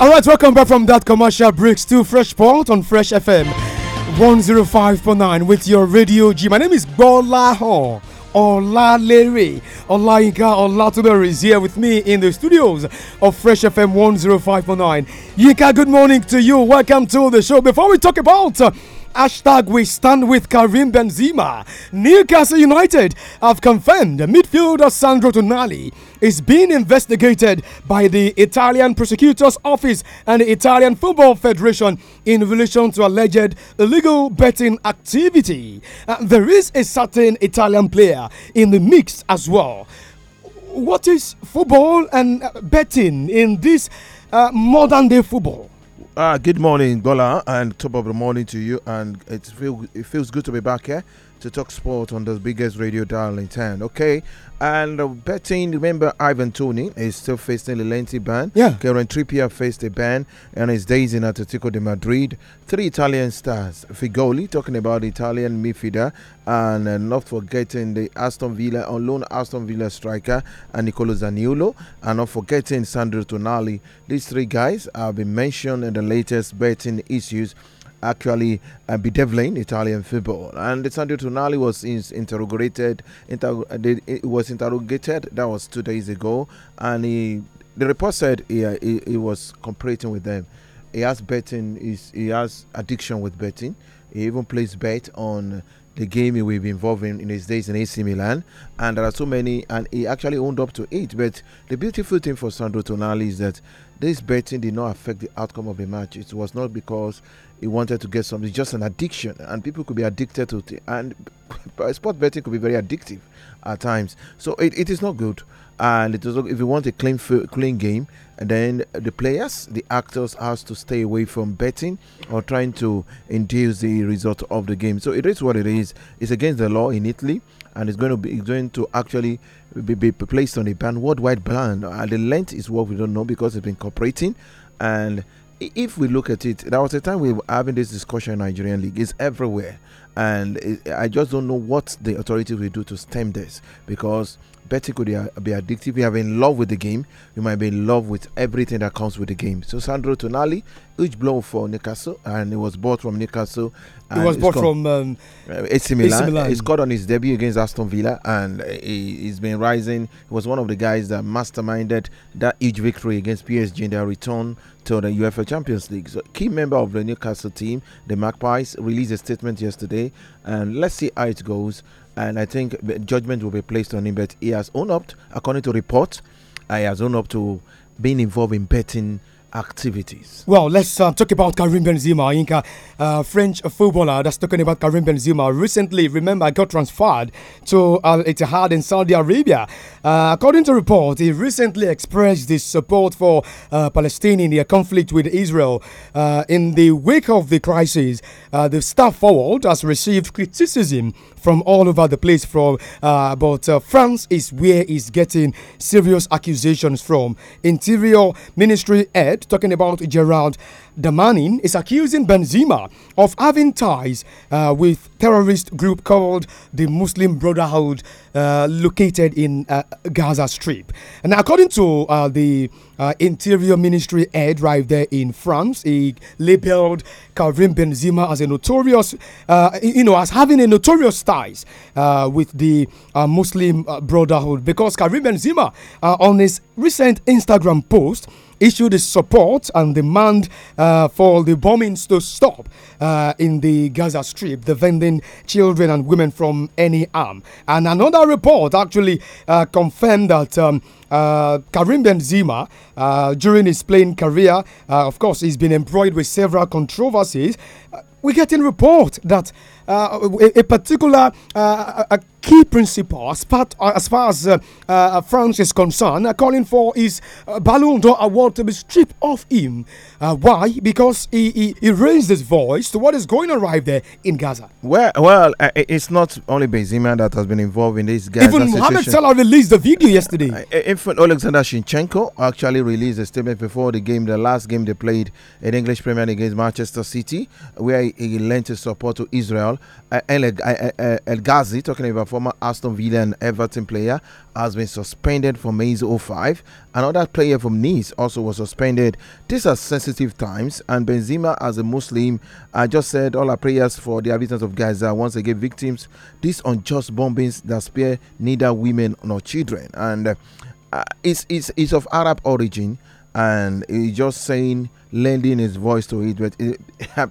All right, welcome back from that commercial break to Fresh Point on Fresh FM 105.9 with your radio G. My name is Bola Hon. Olalere Olayinka Olatuber is here with me in the studios of Fresh FM 105.9. Yinka, good morning to you. Welcome to the show. Before we talk about uh, Hashtag we stand with Karim Benzema. Newcastle United have confirmed midfielder Sandro Tonali is being investigated by the Italian prosecutor's office and the Italian Football Federation in relation to alleged illegal betting activity. Uh, there is a certain Italian player in the mix as well. What is football and betting in this uh, modern day football? Ah, good morning, Gola, and top of the morning to you. And it feels it feels good to be back here to talk sport on the biggest radio dial in town. Okay, and uh, betting. Remember, Ivan Tony is still facing a lengthy ban. Yeah, Karen Trippier faced a ban and is days in Atletico de Madrid. Three Italian stars. Figoli talking about Italian midfielder, and uh, not forgetting the Aston Villa on loan Aston Villa striker and Nicolo Zaniolo, and not forgetting Sandro Tonali. These three guys have been mentioned in the latest betting issues actually uh, bedeviling Italian football. And Sandro Tonali was interrogated. Inter it was interrogated. That was two days ago, and he, the report said he, uh, he, he was cooperating with them. He has betting. he has addiction with betting. He even plays bet on the game he will be involved in in his days in AC Milan, and there are so many, and he actually owned up to it. But the beautiful thing for Sandro Tonali is that this betting did not affect the outcome of the match. It was not because he wanted to get something. It's just an addiction, and people could be addicted to it. And [laughs] sport betting could be very addictive at times. So it, it is not good. And it is if you want a clean clean game, then the players, the actors, has to stay away from betting or trying to induce the result of the game. So it is what it is. It's against the law in Italy, and it's going to be going to actually be, be placed on a ban, worldwide ban. And the length is what we don't know because it's been cooperating and if we look at it, there was a time we were having this discussion in Nigerian league. It's everywhere, and it, I just don't know what the authorities will do to stem this because betting could be addictive. You are in love with the game. You might be in love with everything that comes with the game. So Sandro Tonali, huge blow for Newcastle, and it was bought from Newcastle. It was bought from um, uh, AC, Milan. He scored on his debut against Aston Villa, and he, has been rising. He was one of the guys that masterminded that huge victory against PSG in their return to the UEFA Champions League. So key member of the Newcastle team, the Magpies, released a statement yesterday, and let's see how it goes and I think judgment will be placed on him. But he has owned up, according to reports, he has owned up to being involved in betting activities. Well, let's uh, talk about Karim Benzema, Inca, uh, French footballer that's talking about Karim Benzema. Recently, remember, I got transferred to Al Ittihad in Saudi Arabia. Uh, according to report, he recently expressed his support for uh, Palestine in their conflict with Israel. Uh, in the wake of the crisis, uh, the staff forward has received criticism from all over the place from but France is where he's getting serious accusations from. Interior Ministry head United, talking about Gerald Damanin, is accusing Benzema of having ties uh, with terrorist group called the Muslim Brotherhood, uh, located in uh, Gaza Strip. And according to uh, the uh, Interior Ministry head right there in France, he labeled Karim Benzema as a notorious, uh, you know, as having a notorious ties with the Muslim Brotherhood because Karim Benzema on his recent Instagram post issued his support and demand uh, for the bombings to stop uh, in the Gaza Strip, defending children and women from any harm. And another report actually uh, confirmed that. Um, uh, Karim Benzema, uh, during his playing career, uh, of course, he's been employed with several controversies uh, we're getting report that uh, a, a, particular uh, a key principle as, as far as uh, uh, France is concerned, uh, calling for his Ballon d'Or award to be stripped off him. why? Because he, he, he, raised his voice to what is going on right there in Gaza. Well, well it's not only Benzema that has been involved in this Gaza Even Mohamed Salah released the video yesterday. Infant Alexander Shinchenko actually released a statement before the game, the last game they played in English Premier League against Manchester City, where he, he lent his support to Israel. Uh, El, El Ghazi, talking about former Aston Villa and Everton player, has been suspended for Maze 05. Another player from Nice also was suspended. These are sensitive times, and Benzema, as a Muslim, I just said all our prayers for the victims of Gaza, once again, victims. These unjust bombings that spare neither women nor children. And uh, it's, it's, it's of Arab origin, and he's just saying lending his voice to it. But it,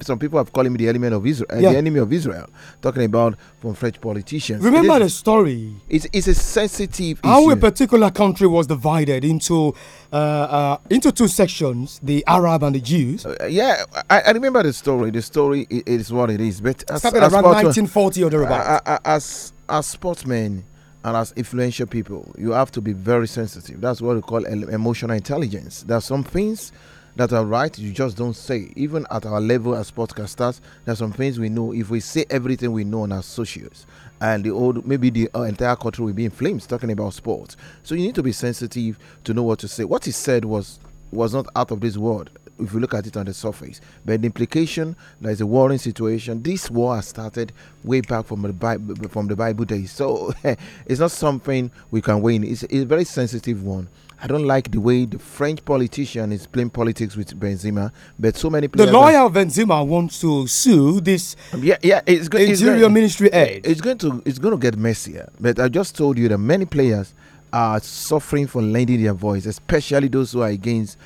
[laughs] some people have called him the element of Israel, eh, yeah. the enemy of Israel, talking about from French politicians. Remember the story. It's, it's a sensitive. How issue. a particular country was divided into uh, uh, into two sections: the Arab and the Jews. Uh, yeah, I, I, remember the story. The story is, is what it is. But as, as around 1940 or thereabouts. Uh, uh, as as sportsmen and as influential people, you have to be very sensitive. That's what we call emotional intelligence. There are some things that are right, you just don't say. Even at our level as podcasters, there are some things we know. If we say everything we know on our socials, and the old maybe the uh, entire country will be in flames talking about sports. So you need to be sensitive to know what to say. What he said was was not out of this world if you look at it on the surface. But the implication there is a warring situation. This war has started way back from the Bible, from the Bible days. So [laughs] it's not something we can win. It's a very sensitive one. I don't like the way the French politician is playing politics with Benzema, but so many players. The lawyer of Benzema wants to sue this. Um, yeah, yeah, it's, go, it's going. Ministry aid. It's going to it's going to get messier. But I just told you that many players are suffering for lending their voice, especially those who are against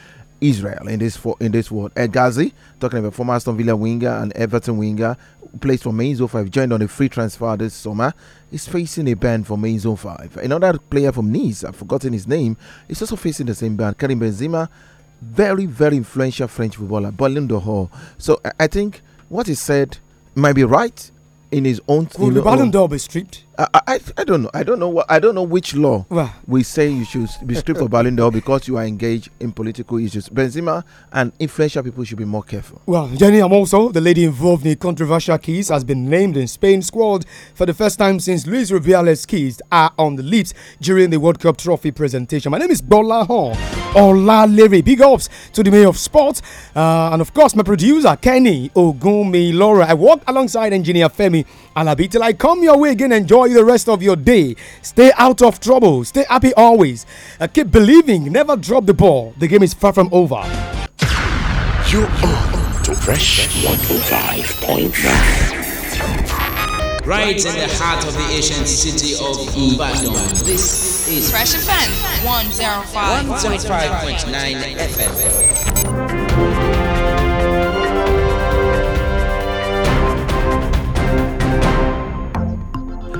Israel in this for, in this world. El Ghazi, talking about former Aston Villa winger and Everton winger, plays for Main Zone 5, joined on a free transfer this summer, is facing a ban for Main Zone 5. Another player from Nice, I've forgotten his name, is also facing the same ban. Karim Benzema, very, very influential French footballer, Ballon d'Or. So I, I think what he said might be right in his own. Will the Ballon d'Or be stripped? I, I, I don't know. I don't know what I don't know which law we say you should be stripped of Ballon d'Or because you are engaged in political issues. Benzema and influential people should be more careful. Well, Jenny Amoso, the lady involved in the controversial case, has been named in Spain's squad for the first time since Luis Rubiales' keys are on the lips during the World Cup trophy presentation. My name is Bola Hon Ola Larry. Big ups to the mayor of sports uh, and of course my producer Kenny Ogumi Laura. I walk alongside engineer Femi Till I come your way again. Enjoy you the rest of your day. Stay out of trouble. Stay happy always. Uh, keep believing. Never drop the ball. The game is far from over. You are to Fresh 105.9. Right in the heart of the ancient city of Ibadan. This is Fresh FM 105.9 FM.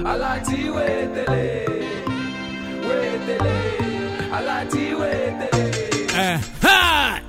aláti wé tẹ̀lé.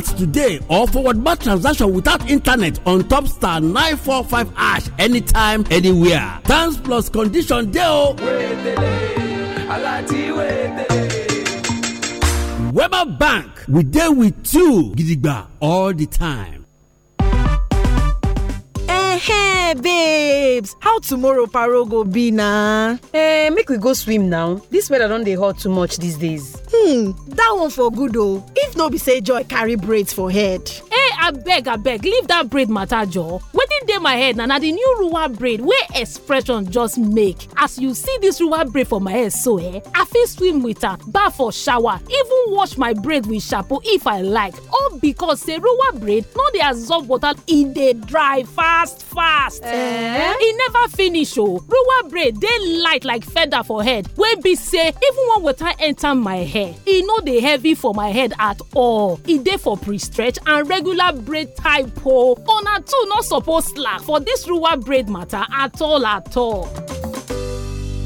today or forward but transaction without internet on top star 945 ash anytime anywhere thanks plus condition deo weber bank we deal with you gidigba all the time Hey, babes how tomorrow paro go be na? Eh, make we go swim now This weather don't dey hot too much these days. hmm that one for good though. if no be say joy carry braids for head. Eh, abeg abeg leave dat braid mata joor wetin dey my head na na di new ruwa braid wey expression just make as you see dis ruwa braid for my head so eh i fit swim with am baff or shower even wash my braid with shampoo if i like all because say ruwa braid no dey absorb water e dey dry fast fast. Eh? e never finish o oh. ruwa braid dey light like feather for head wey be say even when water enter my hair e no dey heavy for my head at all e dey for pre-stretch and regular rural braid type una oh. oh, too no suppose slack for this rural braid matter at all at all.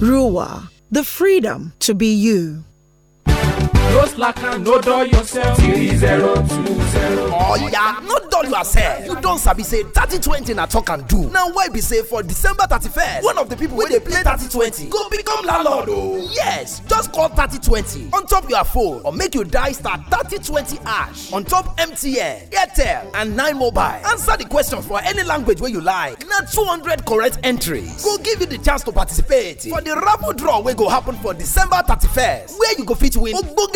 Ruwa, the freedom to be you. Just slack and no dull yourself. Three zero two zero. Oh yeah, no dull yourself. You don sabi say thirty twenty na talk and do. Now why be say for December thirty first, one of the people wey dey play thirty twenty go become landlord o. Oh? Yes, just call thirty twenty on top your phone or make you die star thirty twenty ash on top MTN, Airtel and Nine Mobile. Answer the question for any language wey you like. Na two hundred correct entries go give you the chance to participate for the raffle draw wey go happen for December thirty first, where you go fit win ogbonge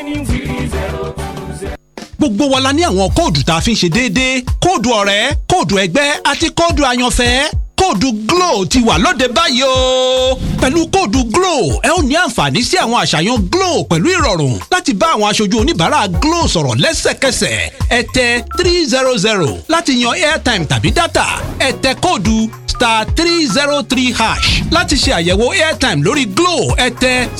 gbogbo wa la ní àwọn kóòdù tá a fi ń ṣe déédéé kóòdù ọ̀rẹ́ kóòdù ẹgbẹ́ àti kóòdù àyànfẹ́ kóòdù glow ti wà lóde báyìí o. pẹ̀lú kóòdù glo ẹ ó ní àǹfààní sí àwọn àṣàyàn glo pẹ̀lú ìrọ̀rùn láti bá àwọn aṣojú oníbàárà glo sọ̀rọ̀ lẹ́sẹ̀kẹsẹ̀ ẹ three zero zero láti yan airtime tàbí data ẹ tẹ kóòdù star three zero three hash láti ṣe àyẹ̀wò airtime lórí glow ẹ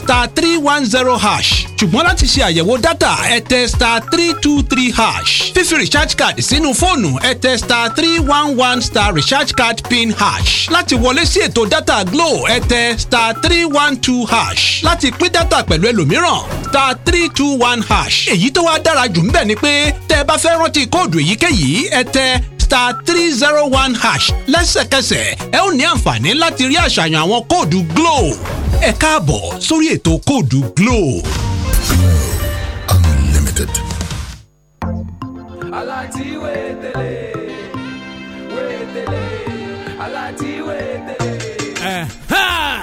star three one zero hash ṣùgbọ́n láti ṣe àyẹ̀wò data ẹ star three two three hash fífi recharge card sínú fóònù ẹ star three one one star recharge card pin hash hash láti wọlé sí ètò data glo ẹ tẹ star three one two hash láti pín dátà pẹ̀lú ẹlòmíràn star three two one hash èyí tó wá dára jù ń ni pé tẹ́ ẹ bá fẹ́ rántí kóòdù èyíkéyìí ẹ tẹ star three zero one hash lẹ́sẹ̀kẹsẹ̀ ẹ ó ní àǹfààní láti rí àṣàyàn àwọn kóòdù glo ẹ káàbọ̀ sórí ètò kóòdù glo. glo unlimited. aláàtí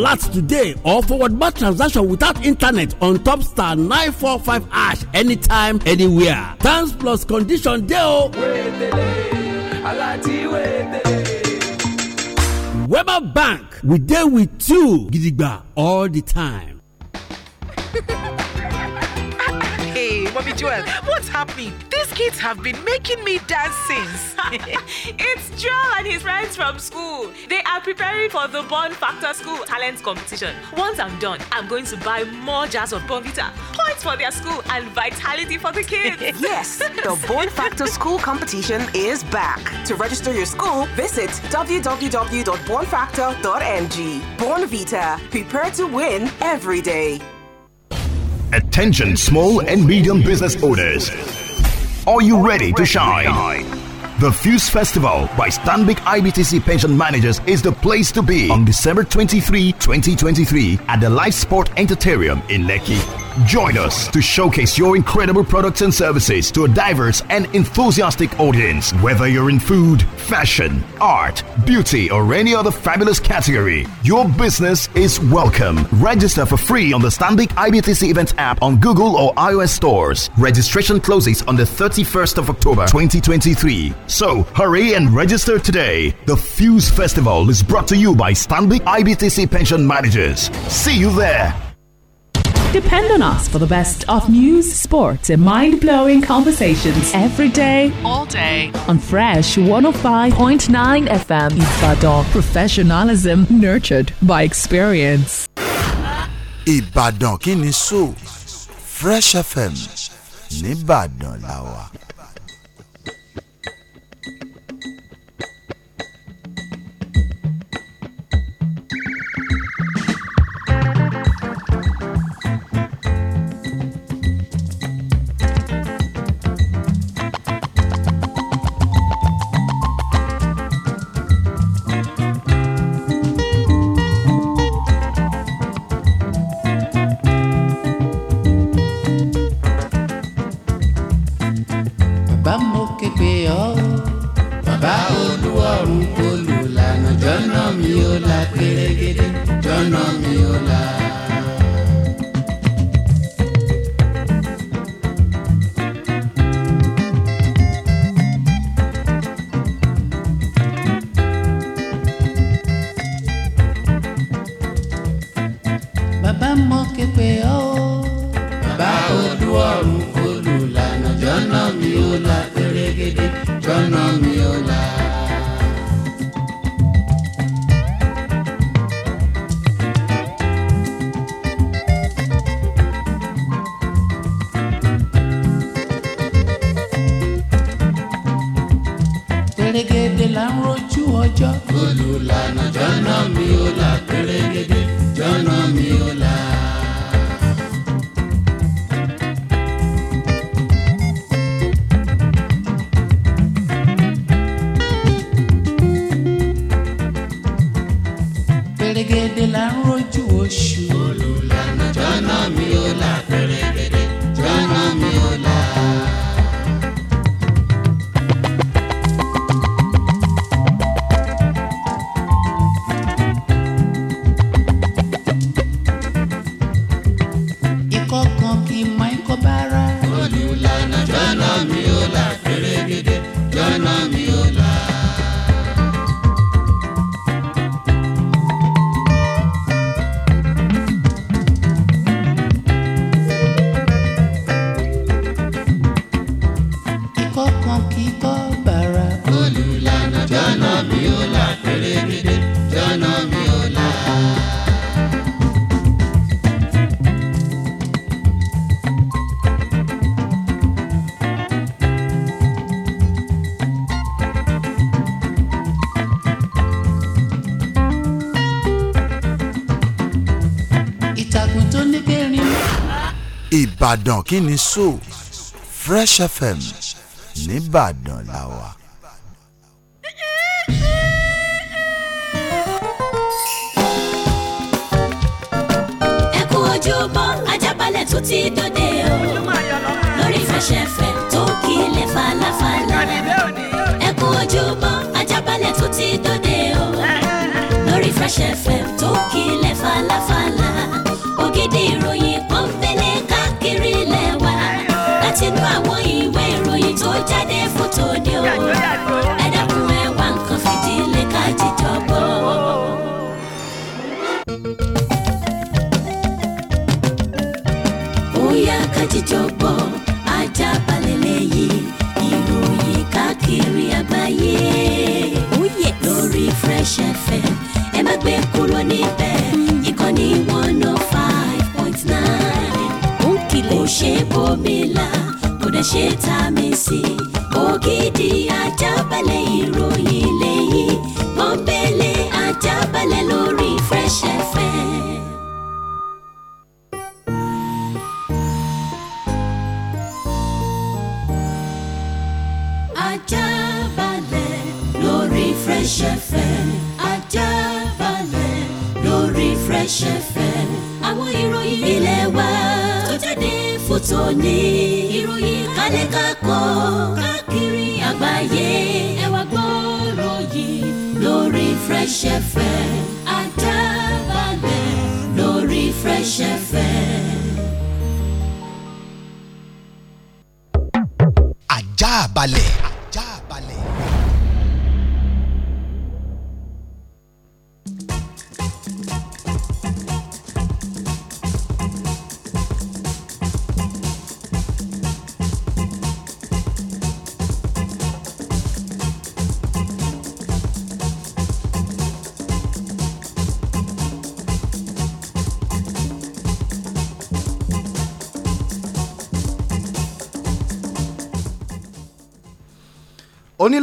alert today or forward bar transaction without internet on top star 945 ash anytime, anywhere. Thanks plus condition deo. Weber Bank, we deal with you, Gidigba, all the time. [laughs] hey, Mommy Joel, what's happening? kids have been making me dance since. [laughs] it's Joel and his friends from school. They are preparing for the Bond Factor School Talent Competition. Once I'm done, I'm going to buy more jars of Bonvita, points for their school, and vitality for the kids. [laughs] yes, the Bond Factor School Competition is back. To register your school, visit www.bornfactor.ng. Bonvita, prepare to win every day. Attention small and medium business owners. Are you ready to shine? The Fuse Festival by Stanbic IBTC Pension Managers is the place to be on December 23, 2023 at the Life Sport Entertainment in Lekki. Join us to showcase your incredible products and services to a diverse and enthusiastic audience. Whether you're in food, fashion, art, beauty, or any other fabulous category, your business is welcome. Register for free on the Stanbic IBTC Events app on Google or iOS stores. Registration closes on the 31st of October 2023. So hurry and register today. The Fuse Festival is brought to you by Stanbic IBTC Pension Managers. See you there. Depend on us for the best of news, sports, and mind blowing conversations every day, all day on Fresh 105.9 FM Ibadan. Professionalism nurtured by experience. Ibadan Kini Fresh FM. Nibadan Lawa. ìbàdàn kí ni so fresh fm nìbàdàn la wà. ẹ kú ojúbọ ajábalẹ̀ tó ti dòde o lórí fresh fm tó kílẹ̀ falafala ẹ kú ojúbọ ajábalẹ̀ tó ti dòde o lórí fresh fm tó kílẹ̀ falafala ògidì ìròyìn. sínú àwọn ìwé ìròyìn tó jáde fún tòde o ẹ dákun ẹ wá nǹkan fìdílé ká jíjọ gbọ́. bóyá ká jíjọ gbọ́ ajá balẹ̀ lẹ́yìn ìròyìn káàkiri àgbáyé oh, lórí Fresh FM ẹ má gbé kúrò níbẹ̀ hmm. ìkànnì one oh five point nine ó ṣe bómi ṣe tá a mi sí ògidì ajábalẹ̀ ìròyìn.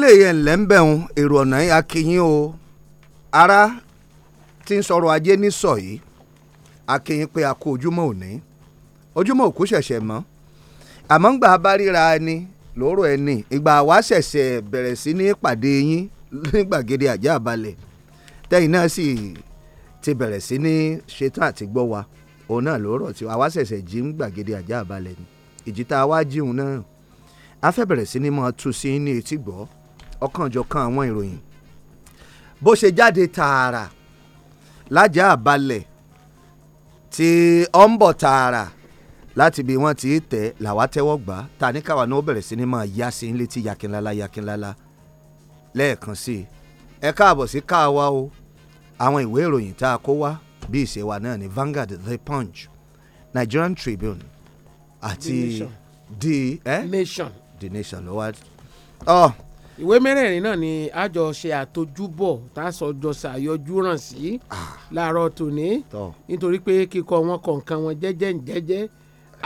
ìbéèrè yẹn ńlẹ́ ń bẹ̀rùn èrò ọ̀nà yín akínyín o ara tí ń sọ̀rọ̀ ajé ní sọ yìí akínyín pé a kó ojúmọ́ òní ojúmọ́ òkú ṣẹ̀ṣẹ̀ mọ́ àmọ́ ńgbà abáríra ẹni lóró ẹni ìgbà wa ṣẹ̀ṣẹ̀ bẹ̀rẹ̀ sí ní pàdé yín ní gbàgede àjà àbálẹ̀ tẹ́yìn náà sì ti bẹ̀rẹ̀ sí ní ṣetán àti gbọ́ wa òun náà lóró tí àwa ṣẹ̀ṣẹ̀ jí ń gbàgede àjà àbálẹ̀ ni ìjì jíun náà a sí ní máa tú sí ní etí gbọ́ ọ̀kanjọ̀kan àwọn ìròyìn bó ṣe jáde tààrà lájà àbálẹ̀ tí ó ń bọ̀ tààrà láti bí wọ́n ti tẹ̀ làwa tẹ́wọ́ gbà ta ní káwa náà ó bẹ̀rẹ̀ sí ni máa yá sí létí yakinlala yakinlala lẹ́ẹ̀kan sí i ẹ káàbọ̀ sí káwa o àwọn ìwé ìròyìn tá a kó wá bí ìṣe wa náà ni Vanguard The Punch Nigerian Tribune àti The Nation. Eh? Nation. The Nation ló Oh, ìwé mẹ́rẹ̀ẹ̀rin náà ni àjọ ṣe àtojúbọ̀ tá a sọ jọ ṣàyọjú ràn sí ah. láàárọ̀ tòní nítorí pé kíkọ wọn kọ̀ọ̀kan wọn jẹ́jẹ́ jẹ́jẹ́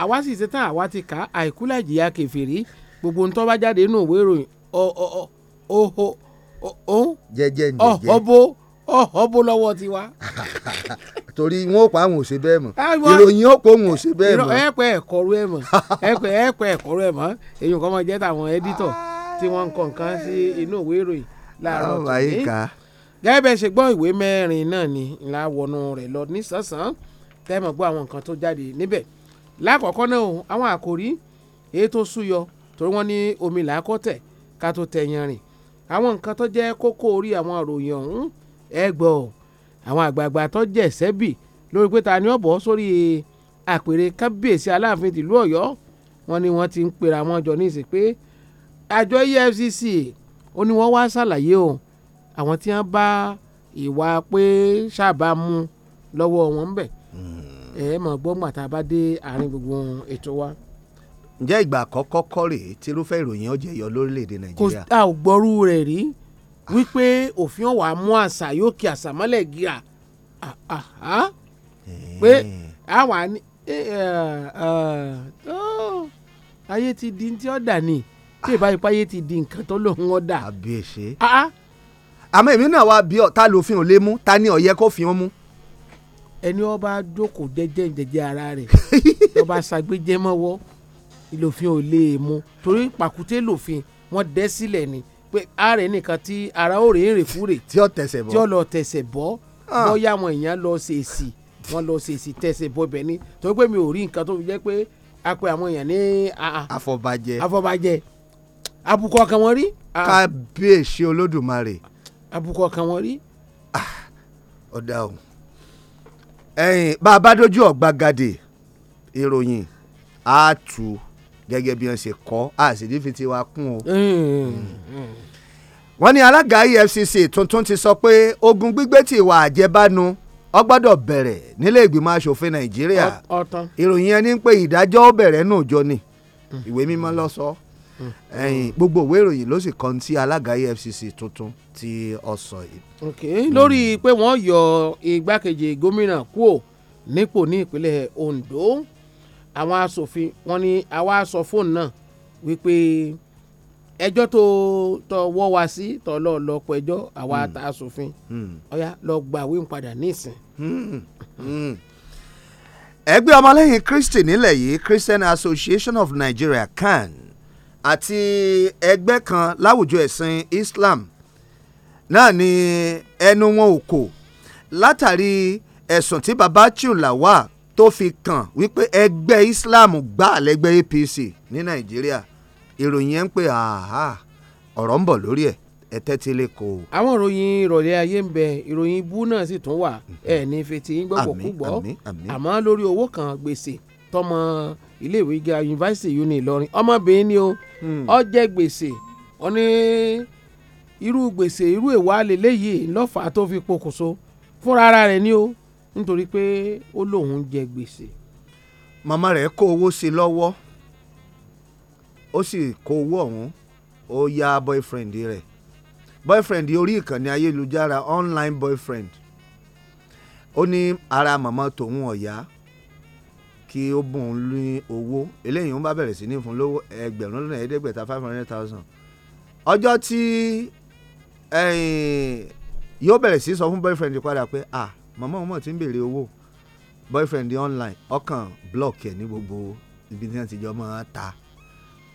àwa sì ṣe tán àwa ti kà á àìkú làjìyà kẹfìrí gbogbo ntọ́ bá jáde nínú ìwé ìròyìn ọ̀họ̀ ọ̀họ̀bó ọ̀họ̀bó lọ́wọ́ tiwa. [laughs] torí wọn ò pa àwọn òṣè bẹ́ẹ̀ mọ̀ ah, ìròyìn ó kó àwọn òṣè bẹ́ẹ̀ mọ̀. ẹ pẹ́ ẹ̀kọ́rú ẹ̀ mọ̀ [laughs] ẹ pẹ́ ẹ̀kọ́rú ẹ̀ mọ̀ èyí nǹkan mọ̀ jẹ́ tàwọn ẹ́dítọ̀ tí wọ́n ń kọ nǹkan sí inú ìwé ìròyìn láàárọ̀ tòní gẹ́gẹ́ bẹ́ẹ̀ ṣe gbọ́ ìwé mẹ́rin náà ni ńlá rẹ̀ lọ nísànsán tẹ́mọ̀ gbọ́ àwọn nǹkan tó jáde níbẹ̀ lákọ̀ọ́kọ́ náà àwọn àkòrí èyí tó súyọ torí wọ́n ní omi làákọ́tẹ̀ ká tó tẹ̀yàn rìn àwọn nǹkan tó jẹ́ kókó orí àwọn òròyìn ọ̀hún ẹ àwọn àgbààgbà tó jẹ́ sẹ́bì lórí pé ta ni ó sórí àpèrè kábíyèsí aláàfin tìlú ọ̀yọ́ wọ́n ní wọ́n ti ń pera wọn jọ ní ìsìn pé àjọ EFCC ó ní wọ́n wá ṣàlàyé o àwọn tí wọ́n bá ìwà pé ṣàbá lọ́wọ́ wọn bẹ̀ hmm. ẹ mọ̀ gbọ́ngbà tá a bá dé àárín gbogbo ètò wa. ǹjẹ́ ìgbà àkọ́kọ́ kọ́ rèé tí irúfẹ́ ìròyìn ọ̀jẹ̀ yọ lórílẹ̀‐èdè Nàìjíríà. kò a ò gbọ́rú rẹ̀ rí ah. wípé òfin ọ̀wà mú àṣà yóò kí àṣà mọ́lẹ̀ gíga ah, ah, pé àwa oh, ayé ti di ti ọ̀dà ni tí ìbá ipá yé ti di nǹkan tó lòun wọn dà. àbíyèsé. àmọ́ èmi náà wá bí ta ló fi hàn lé mú ta ni ọ̀yẹ́ kó fi hàn mú. ẹni ọba jókòó jẹ́jẹ́ jẹ́jẹ́ ara rẹ̀ ọba [laughs] ṣàgbéjẹ́ mọ́wọ́ ìlòfin ò lè mú torí pàkúté lòfin wọ́n dẹ́ sílẹ̀ ni pé ààrẹ nìkan tí ara ó rèé rèkúrè tí ó tẹsẹ̀ bọ́ tí ó lọ tẹsẹ̀ bọ́ ah. bóyá àwọn èèyàn lọ ṣèṣì wọ́n lọ ṣèṣì tẹsẹ̀ bọ́ ibẹ̀ ni torí pé mi ò rí nǹkan tó fi jẹ́ pé a pe àwọn èèyàn ní. Ah, ah. àfọ̀bàjẹ́ àfọ̀bàjẹ́ àbùkù ọkàn wọn rí. Ah. kábíyèsí olódùmarè. àbùkù ọkàn wọn rí. Ah, ọ̀dà o ẹ̀yin bá a bá dojú ọ̀gbà gàdè ìròyìn á tu gẹ́gẹ́ bí wọ́n ṣe kọ́ á sì ní fi tiwa kún o. Hmm, hmm, hmm. wọ́n ní alága EFCC tuntun ti sọ pé ogun gbígbé ti ìwà àjẹbánu ó gbọ́dọ̀ bẹ̀rẹ̀ nílé ìgbìmọ̀ asòfin nàìjíríà ìròyìn ẹni pé ìdájọ́ bẹ̀rẹ̀ náà jọ ni ìwé mímọ́ ló ẹ̀yìn gbogbo òwe ìròyìn ló sì kan ti alága EFCC tuntun ti ọ̀sán yìí. ok lórí pé wọ́n yọ igbákejì gómìnà kúò nípò ní ìpínlẹ̀ Ondo àwọn asòfin wọ́n ní àwa sọ fóònù náà wípé ẹjọ́ tó tọ wọ́ wa sí tọ lọ lọ pẹjọ́ àwa hmm. ta asòfin hmm. ọ̀yá lọ gbàwé padà nísìn hmm. ẹgbẹ́ ọmọlẹ́yìn Kristi nílẹ̀ yìí Christian Association of Nigeria CAN àti ẹgbẹ́ kan láwùjọ ẹ̀sìn Islam náà ni ẹnu wọn ò kò látàrí ẹ̀sùn tí baba Chiulawa tó fi kàn wípé ẹgbẹ́ Islam gbà lẹ́gbẹ́ APC ní Nàìjíríà ìròyìn yẹn ń pè áhà ọ̀rọ̀ ń bọ̀ lórí ẹ̀ ẹ tẹ́tí lé ko. àwọn ìròyìn ìrọ̀lẹ́ ayé ń bẹ ìròyìn ibú náà sì tún wà mm-hmm. ẹ̀ ní fetí gbọ́gbọ́kú gbọ́ àmọ́ lórí owó kan gbèsè tọmọ iléèwé gíga yunifásitì yìí ní Ìlọrin ọmọbìnrin ni o hmm. ó jẹ gbèsè ó ní irú gbèsè irú ìwà lélẹ́yìí lọ́fà tó fi pokùnso fúnra ara rẹ ni o nítorí pé ó lóun jẹ gbèsè. màmá rẹ̀ kó owó sí i lọ́wọ́ ó sì kó owó ọ̀hún ó ya boyfriend rẹ̀ boyfriend orí ìkànnì ayélujára online boyfriend ó ní ara màmá tòun ọ̀yá kí ó bùn ún ní owó eléyìí ń bá bẹ̀rẹ̀ sí ní fún lówó ẹgbẹ̀rún lọ́nà ẹ̀ẹ́dẹ́gbẹ̀ta five hundred thousand ọjọ́ tí yóò bẹ̀rẹ̀ sí sọ fún boyfriend padà pé ah màmá mọ̀ tí ń béèrè owó boyfriend online ọkàn block ẹ̀ ní gbogbo ibi tí wọ́n ti jọ máa ta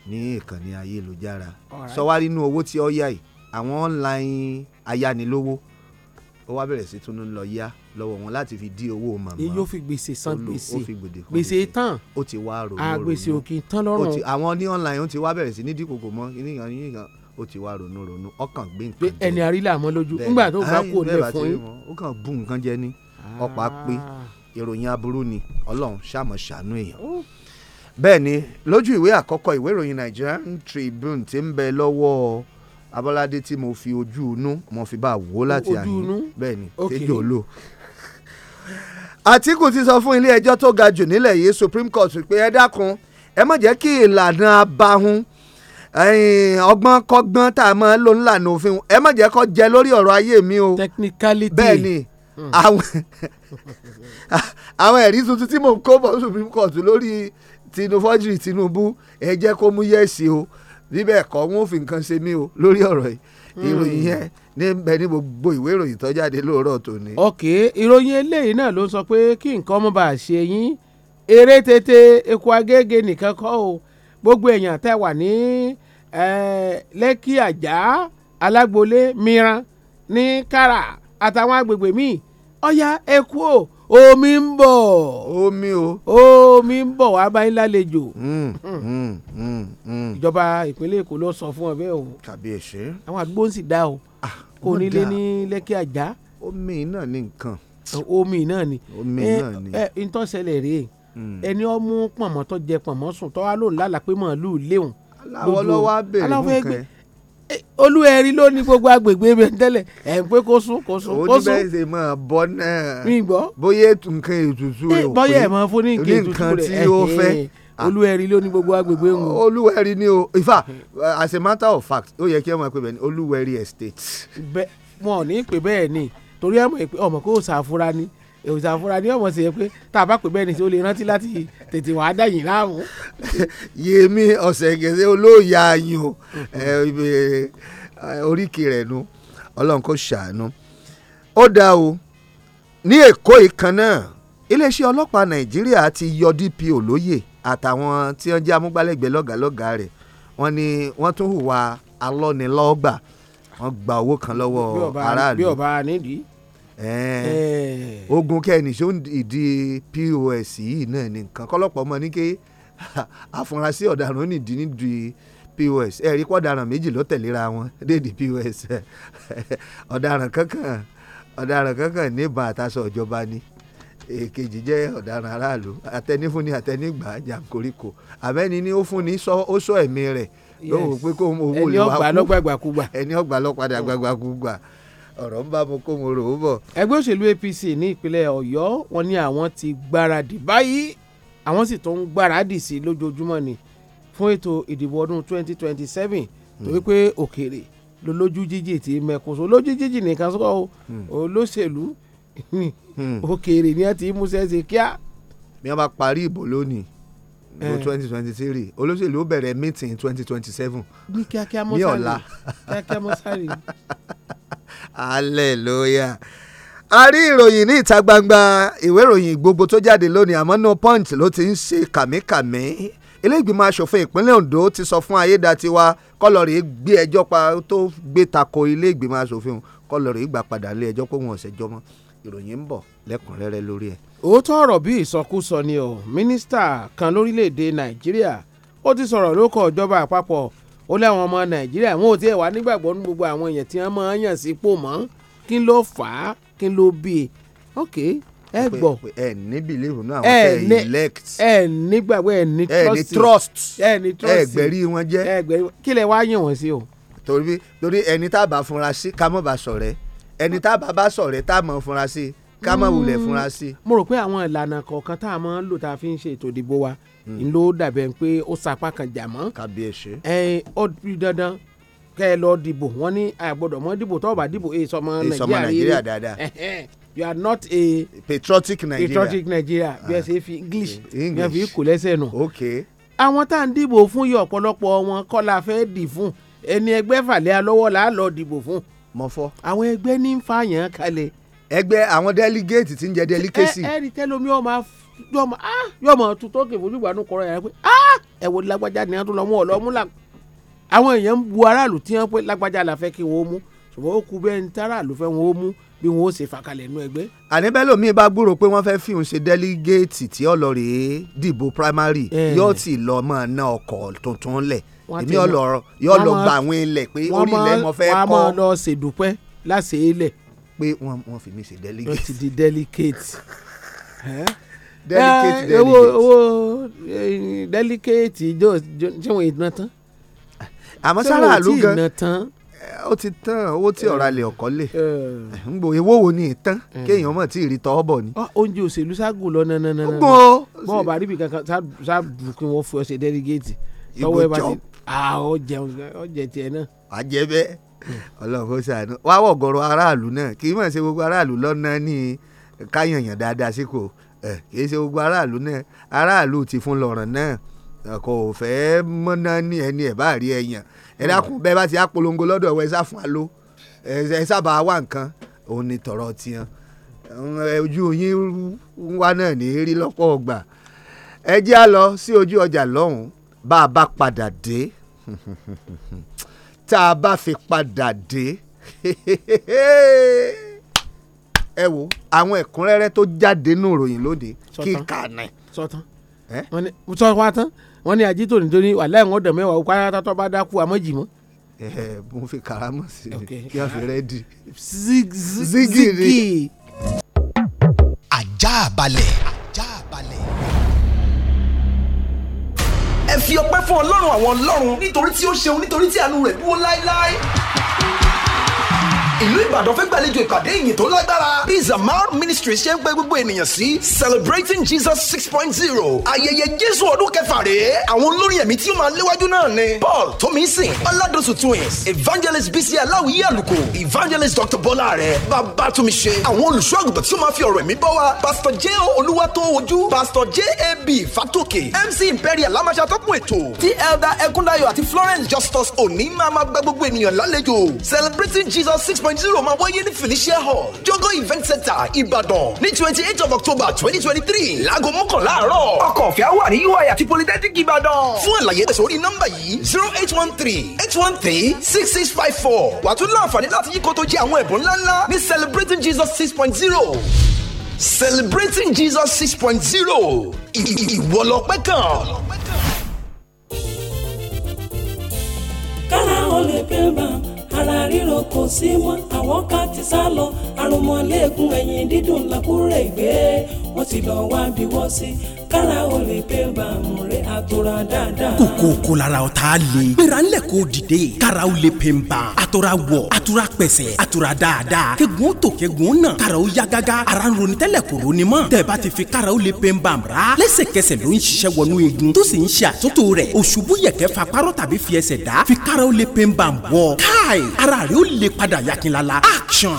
ní ìkànnì ayélujára sọwárí inú owó tí ó yá yìí àwọn online ayánilówó ó wá bẹ̀rẹ̀ sí tún lọ yá lọ́wọ́ wọn láti fi dí owó màmá. iye ó fi gbèsè san gbèsè gbèsè tán ó ti wá ròrò ròrò àgbèsè òkè tán lọ́rùn. àwọn ní online ó ti wá bẹ̀rẹ̀ sí ní díkòkò mọ́ yíyan yíyan ó ti wá ronú ronú ọkàn gbé nǹkan jẹ. ẹni àrílà mọ́ lójú nígbà tó bá kó lè fún yín. ó kàn bù nǹkan jẹ ní ah. ọ̀pá pé ìròyìn aburú ni ọlọ́run ṣàmọ̀ ṣàánú èèyàn. bẹ́ẹ̀ ni lójú ìwé àkọ́kọ́ ìwé ìròyìn Nigerian Tribune ti ń bẹ lọ́wọ́ Abọ́ládé tí mo fi ojú inú mo fi bá wò láti àná bẹ́ẹ̀ ni tẹ́jọ́ lò. Àtíkù ti sọ fún ilé ẹjọ́ tó ga jù nílẹ̀ yìí Supreme Court pé ẹ dákun ẹ má jẹ́ kí ìlànà abahun ọgbọ́n kọ́gbọ́n tá a máa ń lò ńlànà òfin ẹ má jẹ́ kó jẹ lórí ọ̀rọ̀ ayé mi o technicality bẹ́ẹ̀ ni hmm. àwọn ẹ̀rí tuntun tí mò ń kó bọ̀ Supreme Court lórí Tinubu fọ́jìrì Tinubu ẹ jẹ́ kó mú yẹ̀sì o bíbẹ̀ kọ́ wọn ò fi nǹkan ṣe mí o lórí ọ̀rọ̀ hmm. ìròyìn yẹn níbẹ̀ ní gbogbo ìwé ìròyìn tó jáde lóòrọ̀ tòní. ok ìròyìn eléyìí náà ló sọ pé kí nǹkan ọmọ bá ṣe yín eré tètè eku agége nìkan kọ́ o gbogbo èèyàn tẹ́ wà ní lẹ́kì àjà alágbolé mìíràn ní kára àtàwọn agbègbè míì ọ̀ya eku o omi ń bọ̀ omi o omi ń bọ̀ wá báyìí lálejò hmm, hmm, hmm, ìjọba ìpínlẹ̀ Èkó ló sọ fún ọ bẹ́ẹ̀ o kàbíyèsí àwọn àdúgbò ń sì dá o onílé ní lẹ́kì àjà. omi náà ni nǹkan. omi náà ni. omi náà ni. ẹ ẹ ntọ́sẹ̀lẹ̀ rèé hmm. ẹni ọ mú pọ̀nmọ́ tó jẹ pọ̀nmọ́ sùn tọ́wá ló ń lálàá pé màálù léwu. aláwọ̀ lọ́wọ́ á bèrè fún kẹ́ olúwẹ̀rí ló ní gbogbo agbègbè bẹ̀ tẹ́lẹ̀ ẹ̀ ń pé kó sún kó sún kó sún. oníbẹ̀ ṣe máa bọ́ náà bóyá nǹkan ètùtù rẹ̀ ò pé bóyá ẹ̀ máa fún ní nǹkan ètùtù rẹ̀ Ah. olúwẹ̀rí ló ní gbogbo agbègbè ń. olúwẹ̀rí ni o ifa. as a matter of fact ó yẹ kí ẹ máa pè bẹ́ẹ̀ ni olúwẹ̀rí estate. bẹ́ẹ̀ wọn ò ní pè bẹ́ẹ̀ ni torí ẹ mọ̀ pé ọmọ kò ṣàfura ni òòsàn fúnra ní ọmọ sí yẹ pé tá a bá pè bẹ́ẹ̀ ni tí ó lè rántí láti tètè wàá dàyìn láàmú. [laughs] yèémí ọ̀sẹ̀ gẹ̀ẹ́sẹ̀ olóòyà ayò oríkì rẹ̀ nu ọlọ́run ṣàánú. ó dáa o ní èkó ìkan náà iléeṣẹ́ ọlọ́pàá nàìjíríà ti yọ DPO lóyè àtàwọn tí wọ́n jẹ́ amúgbálẹ́gbẹ̀ẹ́ lọ́gàálọ́gàá rẹ̀ wọ́n ní wọ́n tún hùwà alọ́nilọ́gbà wọ́n gba owó kan lọ́wọ́ aráàlú. bí ọba nídìí. ogun kẹ́ni ṣó ń ìdí pọ́s yìí náà ní nǹkan kọ́lọ́pọ̀ mọ́ ní ké àfúrásì [laughs] ọ̀daràn nídìí nídìí pọ́s ẹ̀rí kọ́ ọ̀daràn méjì ló tẹ̀léra wọn [laughs] dédìí pọ́s [laughs] ọ̀daràn kankan ọ̀daràn kankan níbọn àtàṣọ ìjọba ni èkejì jẹ́ ọ̀daràn aráàlú àtẹnifúnni àtẹnigbà jàǹkóríkò àbẹ́ni ni ó fúnni ó sọ ẹ̀mí rẹ̀ lóhùn pé kó owó lè wá kú ẹni ọgbà lọ́gbàgbàkúgbà ẹni ọgbà lọ́gbàgbàkúgbà ọ̀rọ̀ ń bá mo kó mo rò ó bọ̀. ẹgbẹ́ òṣèlú APC ní ìpínlẹ̀ Ọ̀yọ́ wọn ní àwọn ti gbáradì báyìí àwọn sì tó ń gbáradì sí lójoojúmọ́ ni fún ètò ìdìbò ọdún 2027 hmm. torí pé òkèèrè lójú jíjì ti mẹ́kùn so lójú jíjì nìkan sọ́kọ́ hmm. olóṣèlú Hmm. òkèèrè ni ẹ ti múṣẹ́ ṣe kíá. mi wọ́n bá parí ìbò lónìí ìbò eh. twenty twenty three olóṣèlú ó bẹ̀rẹ̀ meeting twenty twenty seven ní kíákíá mọ́sárì ní ọ̀la kíákíá mọ́sárì. [laughs] hallelujah a rí ìròyìn ní ìta gbangba ìwé ìròyìn gbogbo tó jáde lónìí àmọ́ no punch ló ti ń ṣe kàmíkàmí ilé asòfin ìpínlẹ̀ Ondo ti sọ fún ayédatiwa kọlọ̀rì gbé ẹjọ́ pa tó gbé tako ilé ìgbìmọ̀ asòfin kọlọ̀rì gbà padà lé ẹjọ́ pé wọn ò ṣẹjọ́ ìròyìn ń bọ̀ lẹ́kùnrẹ́rẹ́ lórí ẹ̀. òótọ́ ọ̀rọ̀ bí ìsọkúsọ ni o mínísítà kan lórílẹ̀‐èdè nàìjíríà ó ti sọ̀rọ̀ lóko ìjọba àpapọ̀ ó láwọn ọmọ nàìjíríà wọn ò tiẹ̀ wá nígbàgbọ́ ní gbogbo àwọn èèyàn tí wọ́n máa ń yàn sí pò mọ́ kí ló fà á kí ló bí i ok ẹ gbọ́ ẹ ní bìlíìfù náà àwọn tẹ elect ẹ nígbàgbọ́ ẹ ní trust ẹ ní trust ẹ gbẹ̀rí wọn jẹ́ kí lẹ wá yàn wọ́n sí o. torí ẹni tá a bá funra sí ká bá sọ̀rẹ́ ẹni tá a bá bá sọ̀rẹ́ tá a mọ̀ fúnra sí ká mọ̀ wulẹ̀ fúnra sí. mo rò pé àwọn ìlànà kọ̀ọ̀kan tá a máa ń lò tá a fi ń ṣe ètò ìdìbò wa n hmm. ló dàbẹ̀ pé ó sapá kan jà mọ́. kàbíyèsí. ẹ ọ bí dandan kẹ ẹ lọ dìbò wọn ní àgbọ́dọ̀ mọ dìbò tọ́ọ̀bà dìbò èyí sọmọ nàìjíríà rere [laughs] you are not a patriotic nigeria patriotic nigeria bí ẹ ah. ṣe fi english bí ẹ fi kò lẹ́sẹ̀ nù. àwọn tá à ń dìbò fún yìí ọ̀pọ̀lọpọ̀ wọn kọ́ la fẹ́ dì fún ẹni ẹgbẹ́ fàlẹ́ alọ́wọ́ là lọ dìbò fún mọ̀fọ́. àwọn ẹgbẹ́ ní ń fààyàn kalẹ̀. ẹgbẹ́ àwọn délígéètì ti ń jẹ délíkèsì. ẹ ẹ rí tẹ́lómi ọmọ yọmọ ah, yọmọ tuntun òkè fojú ìgbà nukọrọ yàrá pé ah, ẹ wò lágbájá ni wọn tún lọ mú ọ lọ mú là. àwọn èèyàn ń bu aráàlú tí wọn pé lágbájá la fẹ́ kí wọn ó mú ṣùgbọ́n ó kú bẹ́ẹ̀ ní táràlú fẹ́ wọn ó mú bí wọn ó ṣe fàkalẹ̀ nú ẹgbẹ́. àní bẹ́ẹ̀ lómi bá gbúrò pé wọ́n fẹ́ẹ́ fi òun ṣe délígéètì tí ọlọ́rẹ̀ẹ́ dìbò primary yóò ti lọ́ọ́ mọ̀ ná ọkọ̀ tuntun lẹ̀ èmi ọlọ́rọ̀ yóò lọ gba àwọn ilẹ̀ pé orí ilẹ̀ mo fẹ́ kọ́. wọ́n máa lọ ṣèdúpẹ́ láṣẹ ilẹ̀. pé wọ́n fi mi ṣe delegate. wọ́n ti di delegate. [laughs] delegate delegate. owó owó delegate jọ ṣé wọ́n ìdùnnà tán. àmọ́ sára àlú gan ó ti tán owó tí ọ̀rá lè ọ̀kọ́ lè ń gbò ewó wo ni ìtàn kéèyàn mọ̀ tí ìrì tọ́ ni. oúnjẹ òṣèlú ságùn lọ nananana. gbọ́ ọ bá rí ibi kankan ṣáà dùn kí wọ́n fi ọ ṣe dẹ́rígéètì. ìgò jọ ọ jẹun ọ jẹ tiẹ náà. wàá jẹ bẹ́ẹ̀ Ọlọ́run ó ṣàánú wàá wọ gọrọ aráàlú náà kì í mọ̀ ṣe gbogbo aráàlú lọ́nà ní káyànyàn dáadáa sí kò kì í ṣe gbogbo aráàlú náà aráàlú ti fún lọ́ràn náà kò fẹ́ mọ́ná ní ẹni ẹ̀ bá rí ẹ̀yàn ẹ dákun bẹ́ẹ̀ bá ti á polongo lọ́dọ̀ ẹ̀ sá fún alo ẹ̀ sábà wá nǹkan òun ni tọ̀rọ̀ tiyan ojú yín wá náà ní rí lọ́pọ̀ ọgbà ẹ jẹ́ á sí ojú ọjà lọ́hùn bá a bá padà dé [laughs] tá a bá fi padà dé [laughs] ẹ wo àwọn ẹ̀kúnrẹ́rẹ́ tó jáde nù ròyìn lóde kíkà ni. sọtán wọn ni sọ wá tán wọn ni àjítò nítorí wàhálà ẹ̀wọ̀n ọ̀dọ̀ mẹ́wàá òkú aráta tó bá dákú àmọ́jì mọ́ ẹ mo fi karamọ sí i kí a fi rẹ́ẹ̀dì. zigi ni. ajá balẹ̀. ajá balẹ̀ ẹ fi ọpẹ́ fún ọlọ́run àwọn ọlọ́run nítorí tí ó ṣeun nítorí tí àánú rẹ̀ dúró láéláé ìlú ìbàdàn fẹ́ gbàlejò ìpàdé ìyìn tó lágbára bí zamar ministry ṣe ń pè gbogbo ènìyàn sí celebrating jesus six point zero ayẹyẹ jésù ọdún kẹfà rèé àwọn olórin ẹ̀mí tí ó máa léwájú náà ni paul tomisin oladosu twins evangelist bisi aláwìyí àlùkò evangelist dr bọ́lá rẹ̀ bàbá tómi ṣe àwọn olùṣọ́ àgùntàn tí ó máa fi ọ̀rọ̀ ẹ̀mí bọ́ wa pastor j o olúwa tó ojú pastor j a b fatoke mc imperial lamasa tọkùn ètò tí elder ekundayo àti florence justus Oni máa máa gbẹ gbogbo ènìyàn lálejò celebrating jesus six point point zero máa wáyé ní Felicia Hall Jogo Event Center Ìbàdàn ní twenty eight of October twenty twenty three láago mọ́kànlá àárọ̀. Ọkọ̀ ọ̀fẹ́ wà ní UI àti Polytechnic Ìbàdàn. Fún àlàyé pèsè orí nọ́mbà yìí zero eight one three eight one three six six five four. Wàá tún láǹfààní láti yí kótó jẹ àwọn ẹ̀bùn ńláńlá ní Celebrating Jesus six point zero. Celebrating Jesus six point zero ìwọ lọpẹ́ kan. kára ó lè pè bá ara ríro kò sí mọ́ àwọn ká ti sá lọ àrùnmọ́lẹ́gùn ẹ̀yìn dídùn làkúrẹ́ ìgbé wọ́n ti lọ wá bí wọ́n sí kára o pé bàmù rẹ̀ àtòrà dáadáa. kòkó kò lára ọ̀tá k'a le. gbéra ńlẹ̀ k'o dìde. karaw le pe n ban. a tora wọ a tora pẹsẹ a tora dáadáa. kegun tó kegun na. karaw yagaga ara ń ronitẹ́lẹ̀ kò ronimọ́. tẹ̀bá ti fi karaw le pe n ban ra. lẹ́sẹ̀kẹsẹ̀ ló ń ṣiṣẹ́ wọnú igun. tó sì ń ṣe àtúntò rẹ̀. òṣùbù yẹ̀kẹ́ fa kpárọ̀ tàbí fi ẹsẹ̀ fi karaw le pe ban bọ. káì ara rẹ̀ le padà yakinlala. action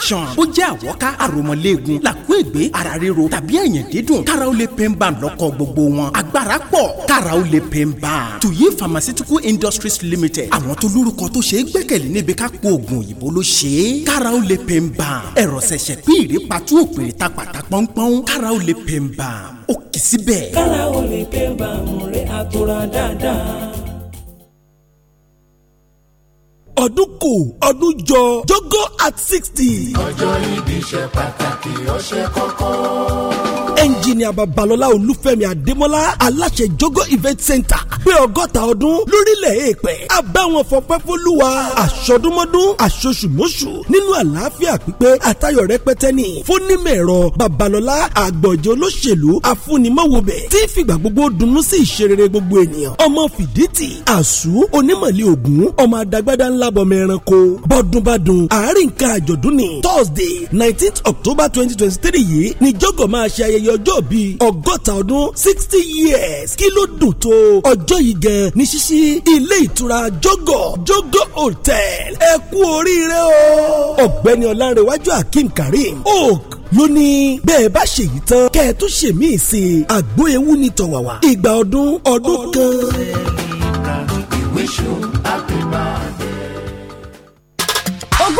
action. ó jẹ́ àwọ́ká àròmọléegun làkúègbé ara ríro tàbí ẹ̀yìn dídùn kára ó lè pain ban lọ́kọ̀ gbogbo wọn agbára pọ̀ kára ó lè pain ban. tuyi pharmaceutical industries limited àwọn tó lórúkọ tó ṣe é gbẹ́kẹ̀lé níbi ká po oògùn òyìnbó ló ṣe é kára ó lè pain ban. ẹ̀rọ ṣẹ̀ṣẹ̀ pín ìrèpàtú òpèrè ta pàtà pọ́npọ́n kára ó lè pain ban ó kì í síbẹ̀. kára ó lè pain ban mú rẹ̀ àtúrà dáadáa ọdún kù ọdún jọ jogo at sixty. ọjọ́ ibi ṣe pàtàkì ó ṣe ẹnjìnìà babalọ́lá olúfẹ́mi adémọ́lá aláṣẹ jogo event center pé ọgọ́ta ọdún lórílẹ̀ èèpẹ̀ abáwọn fọpẹ́ fọlúwa àṣọdúnmọ́dún àṣoṣùmọ́ṣù nínú àlàáfíà pípé àtayọ̀ rẹpẹtẹ ni fúnimẹ̀rọ babalọ́lá àgbọ̀jẹ̀ olóṣèlú afúnimọ̀wòbẹ̀ tí fìgbà gbogbo dunnú sí ìṣerere gbogbo ènìyàn ọmọ fìdítì àṣù onímọ̀lẹ́ ògún ọmọ adagbada ńlá bọmọ ẹranko bọ́dúnbádùn àárín nǹkan àjọ̀dún ni thursday 19th october 2023 yìí ni jọ́gọ̀ máa ṣe ayẹyẹ ayẹyẹ ọjọ́ bíi ọgọ́ta ọdún sixty years kí ló dùn tó ọjọ́ yìí gẹ̀ ní ṣíṣí ilé ìtura jogo jogo hotel ẹ kú oríire o ọ̀gbẹ́ni ọlárẹ̀wájú akeem karim oak ló ní bẹ́ẹ̀ bá ṣe yìí tán kẹ́ ẹ tún ṣe míì sí i àgbo ewu ni tọ̀wàwà ìgbà ọdún ọdún kan. ìwé ṣó àgbà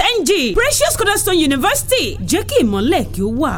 NG precious cornerstone university jẹ́ kí ìmọ̀lẹ̀ kí ó wà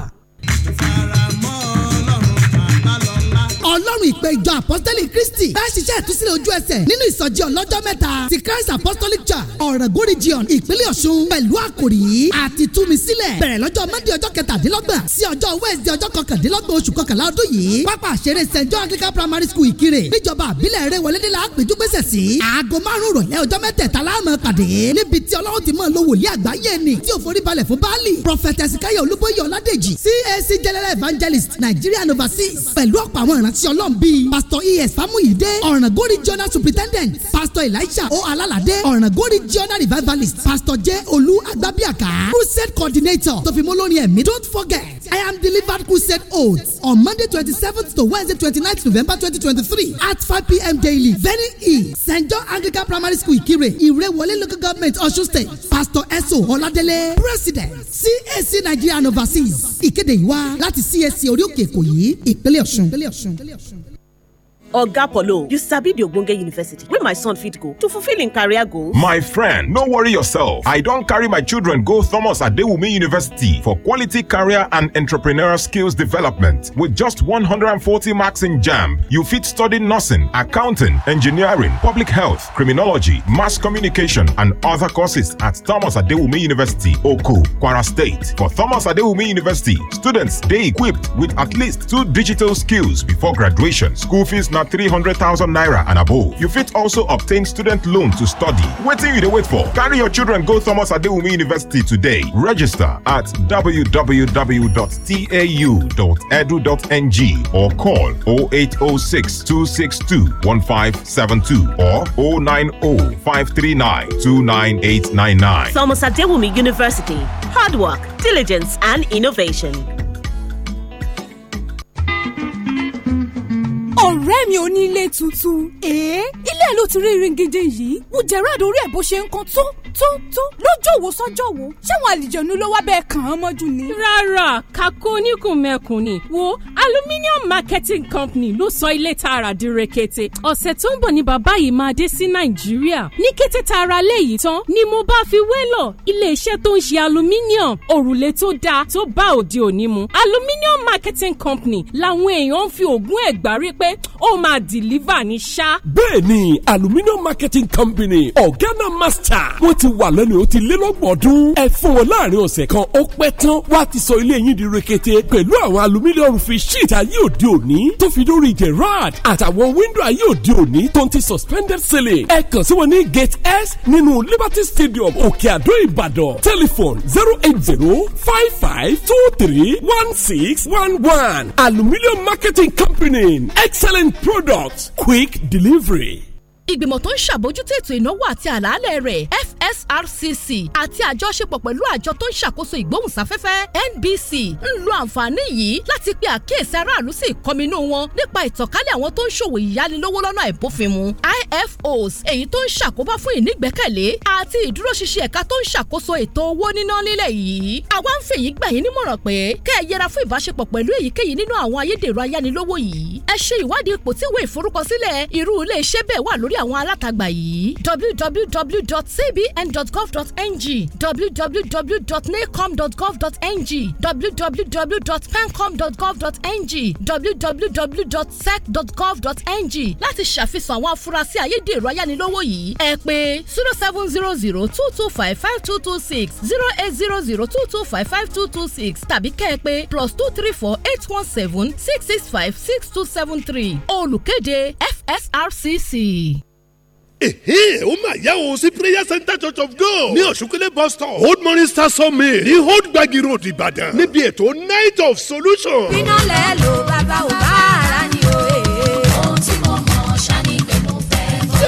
ìpè ìjọ apostolic christy bá ṣiṣẹ́ ìtúsílẹ̀ ojú ẹsẹ̀ nínú ìsọjí ọlọ́jọ́ mẹ́ta ti christ apostolic church ọ̀rẹ́gù region ìpínlẹ̀ ọ̀ṣun pẹ̀lú àkòrí àti túmi sílẹ̀ bẹ̀rẹ̀ lọ́jọ́ mọ́ndé ọjọ́ kẹtàdínlọ́gbọ̀n sí ọjọ́ wẹ́ẹ̀sì ọjọ́ kọkàndínlọ́gbọ̀n oṣù kọkànlá ọdún yìí pápá àṣẹrẹ st john anglican primary school ìkirè níjọba àbílẹ̀ eré wọlédè la péjú pésẹ̀ sí aago márùn rọ̀lẹ́ ọjọ́ mẹ́tẹ̀ẹ̀ta láàmú pàdé níbi tí ọlọ́run ti máa lo wòlíì àgbáyé ni tí ò forí balẹ̀ fún baálì prọfẹtẹ sikaya olúbóyè ọládèjì cac general evangelist nigerian overseas pẹ̀lú ọ̀pọ̀ àwọn ìrántí ọlọ́run ọlọ́run bíi pastor es famuyide ọ̀ràngún regional superintendent pastor elisha o alalade ọ̀ràngún regional revivalist pastor j olú agbábíàká crusade coordinator tòfimolórin ẹ̀mí don't forget i am delivered crusade oath on monday twenty seventh to wednesday twenty ninth november twenty twenty three at five pm daily very e st john anglican primary school ìkirè ìrẹ́wọlé local government ọ̀ṣun state pastor eso Oladele president cac nigeria and overseas ìkéde yìí wá láti cac orí òkè èkó yìí ìpínlẹ̀ ọ̀ṣun oga polo you sabi di ogbonge university Where my son fit go to fulfill im career goals. my friend no worry yourself i don't carry my children go thomas adewumi university for quality career and entrepreneurial skills development with just 140 marks in jamb you fit study nursing accounting engineering public health criminology mass communication and other courses at thomas adewumi university oku kwara state for thomas adewumi university students dey equipped with at least two digital skills before graduation school fees not. 300,000 naira and above. You fit also obtain student loan to study. Waiting you to wait for. Carry your children go Thomas Adewumi University today. Register at www.tau.edu.ng or call 0806 262 1572 or 090 539 Thomas Adewumi University. Hard work, diligence, and innovation. ọ̀rẹ́ mi ò ní ilé tuntun. èé ilé ló ti rí iringide yìí wù Gerard orí ẹ̀ bó ṣe ń kan tó tó tó lọ́jọ́ wo sọ́jọ́ wo ṣé wọn àlìjẹ̀nu ló wá bẹ́ẹ̀ kàn án mọ́jú ni. rárá kakó oníkùn mẹ́kùn ni wo aluminium marketing company ló sọ ilé tààrà di rekete ọ̀sẹ̀ tó ń bọ̀ ni bàbá yìí máa dé sí nàìjíríà ní kété tààrà léyìí tán ni mo bá fi wélọ̀ iléeṣẹ́ tó ń ṣe aluminium òrùlé tó dáa tó bá òde òní mu aluminium marketing company làwọn èèyàn ń fi ògùn ẹ̀gbárí pé pé ó máa deliver ní ṣá. bẹ́ẹ̀ni aluminium marketing company organa master wọ́n ti wà lẹ́nu ó ti lé lọ́gbọ̀n ọdún ẹ fún wọn láàrin ọ̀sẹ̀ kan ó pẹ́ tán wá ti sọ ilé yín di rekete pẹ̀lú àwọn aluminium rufin sheet ayé òde òní tó fi dórí gerard àtàwọn window ayé òde òní tó ń ti suspended ceiling ẹ kàn sí wọn ní gate s nínú liberty stadium òkè àdó ìbàdàn telephone zero eight zero five five two three one six one one aluminium marketing company Excellent products, quick delivery. ìgbìmọ̀ tó ń ṣàbójútó ètò ìnáwó àti àlàálẹ̀ rẹ̀ FSRCC àti àjọṣepọ̀ pẹ̀lú àjọ tó ń ṣàkóso ìgbóhùnsáfẹ́fẹ́ NBC ń lo àǹfààní yìí láti pe àkíyèsí aráàlú sí ìkọminú wọn nípa ìtànkálẹ̀ àwọn tó ń ṣòwò ìyánilówó lọ́nà àìbófinmu IFOs èyí tó ń ṣàkóbá fún ìnígbẹ́kẹ̀lé àti ìdúróṣinṣin ẹ̀ka tó ń ṣàkóso ètò owó níná nílẹ̀ yìí àwa ń fèyí gbà yín nímọ̀ràn pé kẹ́ ẹ yẹra fún ìbáṣepọ̀ pẹ̀lú èyíkéyìí nínú àwọn ayédèrú ayánilówó yìí ẹ ṣe ìwádìí ipò tí ìwé ìforúkọsílẹ̀ irú ilé bẹ́ẹ̀ wà lórí lórí àwọn alátagbà yìí www.cbn.gov.ng www.nacom.gov.ng www.pencom.gov.ng www.sec.gov.ng láti ṣàfihàn àwọn afurasí ayédèrú ayánilówó yìí ẹ pè zero seven zero zero two two five five two two six zero eight zero zero two two five five two two six tàbí kẹ́ ẹ pè plus two three four eight one seven six six five six two seven three olùkéde FSRCC ehe ó mà yá o sí prayer center church of god ní ọ̀ṣunkẹ́lẹ́ bus stop old morning star summit ní old gbagi road ìbàdàn níbi ètò night of solution. iná lẹ́ lo bàbá ò bá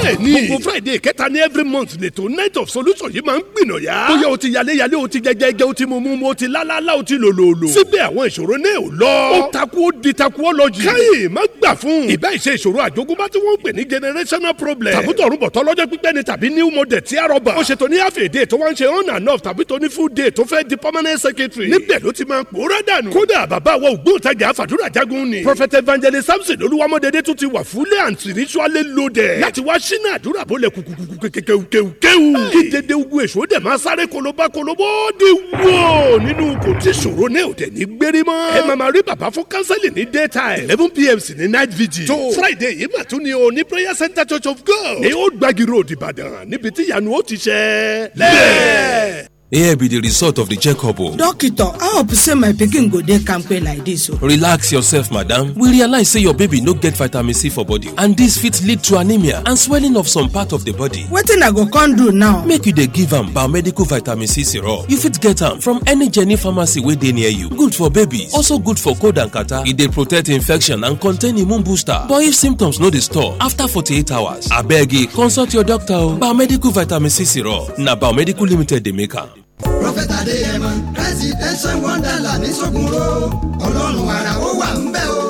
bẹ́ẹ̀ni gbogbo friday kẹta ní every month lètò night of solution yìí máa ń gbìnàyà. bóyá o ti yaléyalé o ti jẹjẹjẹ o ti mumu o ti lálálá o ti lòlòlò. síbẹ̀ àwọn ìṣòro náà ò lọ. ó takú ó di takú ó lọ jù. káyè má gbà fún. ìbá ìṣe ìṣòro àjogúnbá tí wọ́n ń pè ní generational problem. tàbútọ̀rúbọ̀tọ̀ lọ́jọ́ pípẹ́ ni tàbí new model tí a rọ̀bà. ó ní half a day tó wá ń ṣe on and off tàbí tó ní full day tó fẹ́ di permanent secretary. níbẹ̀ ló ti máa ń pòórá dànù. kódà bàbá wa ògbóǹtajà àfàdúrà jagun ni. prophet evangelist samson olúwamọ́dédé tún ti wà fúlẹ̀ and spiritually loaded. láti wá sínú àdúrà bó lẹ kùkùkù kékewu kéwu kéwu kí dédé ugu èso dẹ̀ máa sáré kolobá kolobó di wó nínú kò tí ṣòro ní òde ní gbérí mọ́. ẹ máa ma rí bàbá fún kánsẹ́lì ní daytime eleven pm sí ní night vigil. tó friday yìí mà tún ni o ní prayer center church of god. ní ó gbàgì road ìbàdàn níbi tí yanu ó ti ṣe. lẹ́ẹ̀ here be the result of the checkup o. Oh. doctor i hope say my pikin go dey kampe like this o. Oh. relax yourself madam we realize say your baby no get vitamin c for body and this fit lead to anemia and swelling of some part of the body. wetin i go come do now. make you dey give am biomedical vitamin c syrup you fit get am from any jenny pharmacy wey dey near you good for babies also good for cold and catarrh e dey protect infection and contain immune booster but if symptoms no dey stop after forty-eight hours abeg eh, consult your doctor o oh. biomedical vitamin c syrup na biomedical limited dey make am. Prọfẹ̀tà Adéyẹmọ Christ Tension Wonderland ní Sọ́gun Ró. Ọlọ́run àrà ó wà ń bẹ̀ o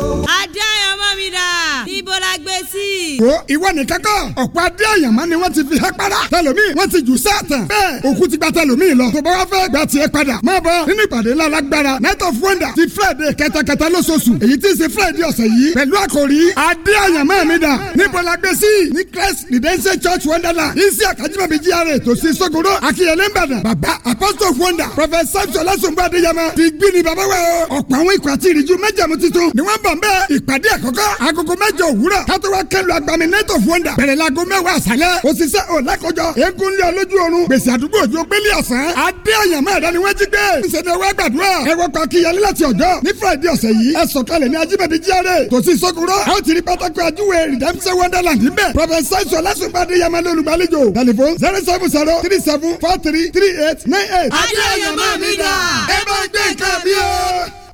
wo ìwọ nìkan kọ́ ọ̀pọ̀ adé àyànmọ́ ni wọ́n ti fi hẹ́ padà tẹlomi wọ́n ti jù sẹ́ẹ̀tàn bẹ́ẹ̀ òkú ti gba tẹlomi lọ tó bá wá fẹ́ gba tiẹ̀ padà má bọ̀ nínú ìpàdé ńlá lágbára night of wonder ti friday kẹtẹkẹtẹ lóṣooṣù èyí ti ṣe friday ọ̀sẹ̀ yìí pẹ̀lú àkòrí adé àyànmọ́ mi dà níbo la gbé sí ní christ redemption church wonderland isi àkàjìmọ̀bí gra tòsí sogoro akínyẹlé ńbàdàn bàbá apostle of wonder prophet samson lásùnbọ̀ adéyẹmọ ti gbí ni bàbá wa o ọ̀pọ̀ àwọn ikọ̀ àti ìrìjú mẹ́jẹ̀mú tuntun ni wọ́n bọ̀ ń bẹ́ẹ̀ ìpàdé àkọ́kọ́ agogo mẹ́jọ òwúrọ̀ kátó wá kẹ́lu ag agbaminẹ́tò fún ọ̀dà bẹ̀rẹ̀ laago mẹ́wàá àṣálẹ̀ òṣìṣẹ́ ò lákọjọ eégún lé ọlójú oorun gbèsè àdúgbò ojú gbélé ọ̀sán adé àyànmọ́ ẹ̀dá ni wọ́n jí gbé ìṣẹ̀dá wá gbàdúrà ẹ̀wọ̀ kan kí yẹlẹ́ láti ọjọ́ ní friday ọ̀sẹ̀ yìí ẹ sọ̀kalẹ̀ ní ajíbẹ̀bí jíare tòsí sọ́kúrọ́ a ó ti rí pátákó ajúwe redemption wonderland níbẹ̀ professor isu ọlásùnbàdé yamalé olùgbàlejò telephone zero seven zero three seven four three three eight nine eight. adé àyànmọ́ mi dà ẹ bá gbé nǹkan mi o.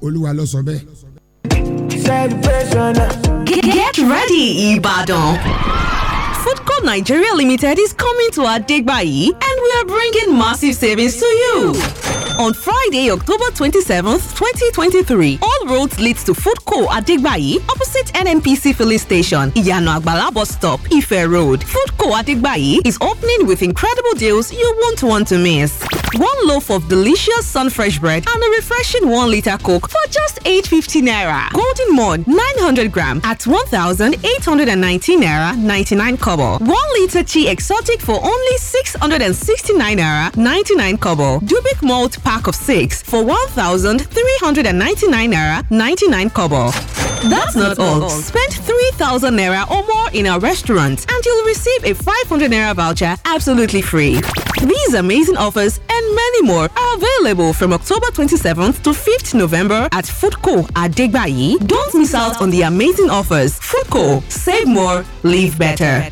olúwa ló sọ bẹ́ẹ̀. celebration náà. Get ready, Ibadan. Foodco Nigeria Limited is coming to our Adegbayi we are bringing massive savings to you. On Friday, October 27th, 2023, all roads leads to Food Co. at Digbayi, opposite NNPC filling station, Iyano Agbala bus stop, Ife Road. Food Co. at Digbayi is opening with incredible deals you won't want to miss. One loaf of delicious Sunfresh bread and a refreshing 1 litre Coke for just 8.50 naira. Golden Mud 900 gram at 1,819 naira 99 kobo. 1 litre tea exotic for only 660 69 naira 99 kobo. Dubik malt pack of 6 for 1399 naira 99 kobo. That's, That's not, not all. all. Spend 3000 naira or more in our restaurant and you'll receive a 500 naira voucher absolutely free. These amazing offers and many more are available from October 27th to 5th November at Foodco at Degbayi. Don't miss out on the amazing offers. Foodco, save more, live better.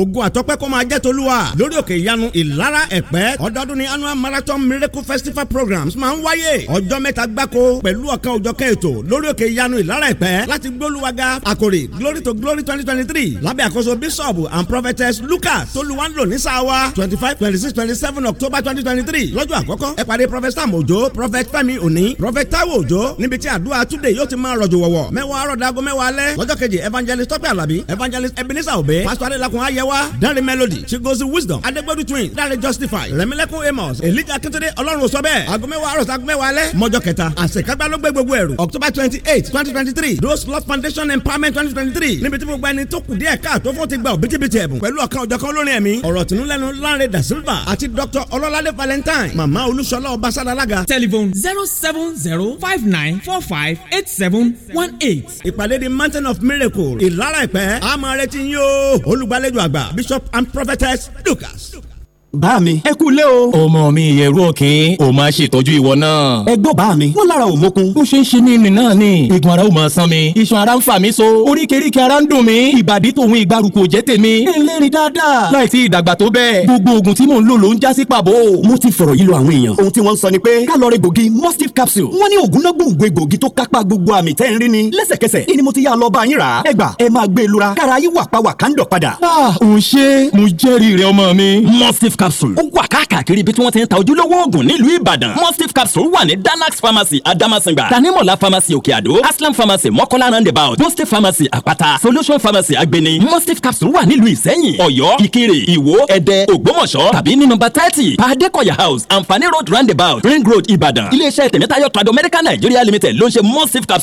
ògo àtọ́pẹ́ kó máa jẹ́ tolúwa lórí òkè ìyanu ìlara ẹ̀pẹ́ ọdọọdún ni annual marathon miracle festival programs máa ń wáyé ọjọ́ mẹ́ta gbáko pẹ̀lú ọ̀kan òjọ̀kan ètò lórí òkè ìyanu ìlara ẹ̀pẹ́ láti gbólúwaga àkòrè glory to glory twenty twenty three lábẹ́ àkóso bishop and prophetess lucas tolúwa ń lò ní sáwa twenty five twenty six twenty seven october twenty twenty three lọ́jọ́ àkọ́kọ́ ẹ pàdé prophet sam ojo prophet fẹ́mi òní prophet taiwo ojo níbi tí àdúrà today yóò ti máa rọ̀jò wọ̀wọ̀ mẹ́wàá rọ̀dàgọ́ mẹ́wàá alẹ́ lọ́jọ́ evangelist tọ́pẹ́ alábí evangelist ebenezer obe pastor adelakun ayẹ adéléwà dáre melody she goes with wisdom adégbòdú twins dáre justify rẹ̀mílẹ́kùn amos elijah akíntúndé ọlọ́run sọ bẹ́ẹ̀ agomẹ́wà arọ̀sọ agomẹ́wà alẹ́ mọ́jọ kẹta àṣekágbá ló gbé gbogbo ẹ̀rù october twenty eight twenty twenty three rose love foundation empowerment twenty twenty three níbi tí gbogbo ẹni tó kù díẹ̀ káàtó fún ti gba òbítíbitì ẹ̀bùn pẹ̀lú ọ̀kan ọ̀jọ̀kan olórin ẹ̀mí ọ̀rọ̀ tìǹlẹ́nu láre da silva àti dr ọlọ́ládé valentine màmá olúṣọlá ọbaṣálálága telephone zero seven zero five nine four five eight seven one eight. ìpàdé di mountain of miracle ìlara ìpẹ́ àmọ́ retí yín o olùgbàlejò àgbà àgbà bishop and prophetess lucas. bá mi. ẹ kú lé o. ọmọ mi ìyẹ̀rú òkín o máa ṣètọ́jú ìwọ náà. ẹ gbọ́ bá mi. wọ́n lára ò mókun. ó ṣe ń ṣe ní ìrìn náà ni. igun ara ò máa san mi. iṣan ara ń fà mí so. oríkèéríkèé ara ń dùn mí. ìbàdí tòun ìgbàrúkọ jẹ́ tèmi. ẹlẹ́rìí dáadáa. láì tí ìdàgbà tó bẹ́ẹ̀. gbogbo oògùn tí mò ń lò ló ń já sí pàbó. mo ti fọ̀rọ̀ yìí lọ àwọn èèyàn. ohun tí wọ́n sọ ni pé ká lọ rẹ gbòógì mustif capsule. wọ́n ní oògùn náà gbòǹgbò egbòogi tó kápá gbogbo àmì tẹ́ ń rí ni. lẹ́sẹ̀kẹsẹ̀ ni mo ti yá lọ yín rà ẹ gbà ẹ máa gbé e lura. kára yín wà pa wà kándọ̀ padà. ah òun ṣe mo jẹ́rìí rẹ ọmọ mi. mustif capsule. ó wà káàkiri ibi tí wọ́n ti ń ta ojúlówó oògùn nílùú Ìbàdàn. mustif capsule wà ní danax pharmacy adamasingba. tanimola pharmacy òkè àdó. aslam pharmacy mọ́kọ́lá roundabout. mustif pharmacy àpáta. solution pharmacy agbeni. mustif capsule wà nílùú ìsẹ́yìn. ọ̀yọ́ ìkirè ìwó ẹ̀dẹ́ ògbómọ̀ṣọ́. tàbí ní nọ́mbà thirty pàdékọ̀yà house àǹfààní road roundabout ring road Ìbàdàn. iléeṣẹ́ tèmítayọ̀ trado medical Nigeria limited ló ń capsule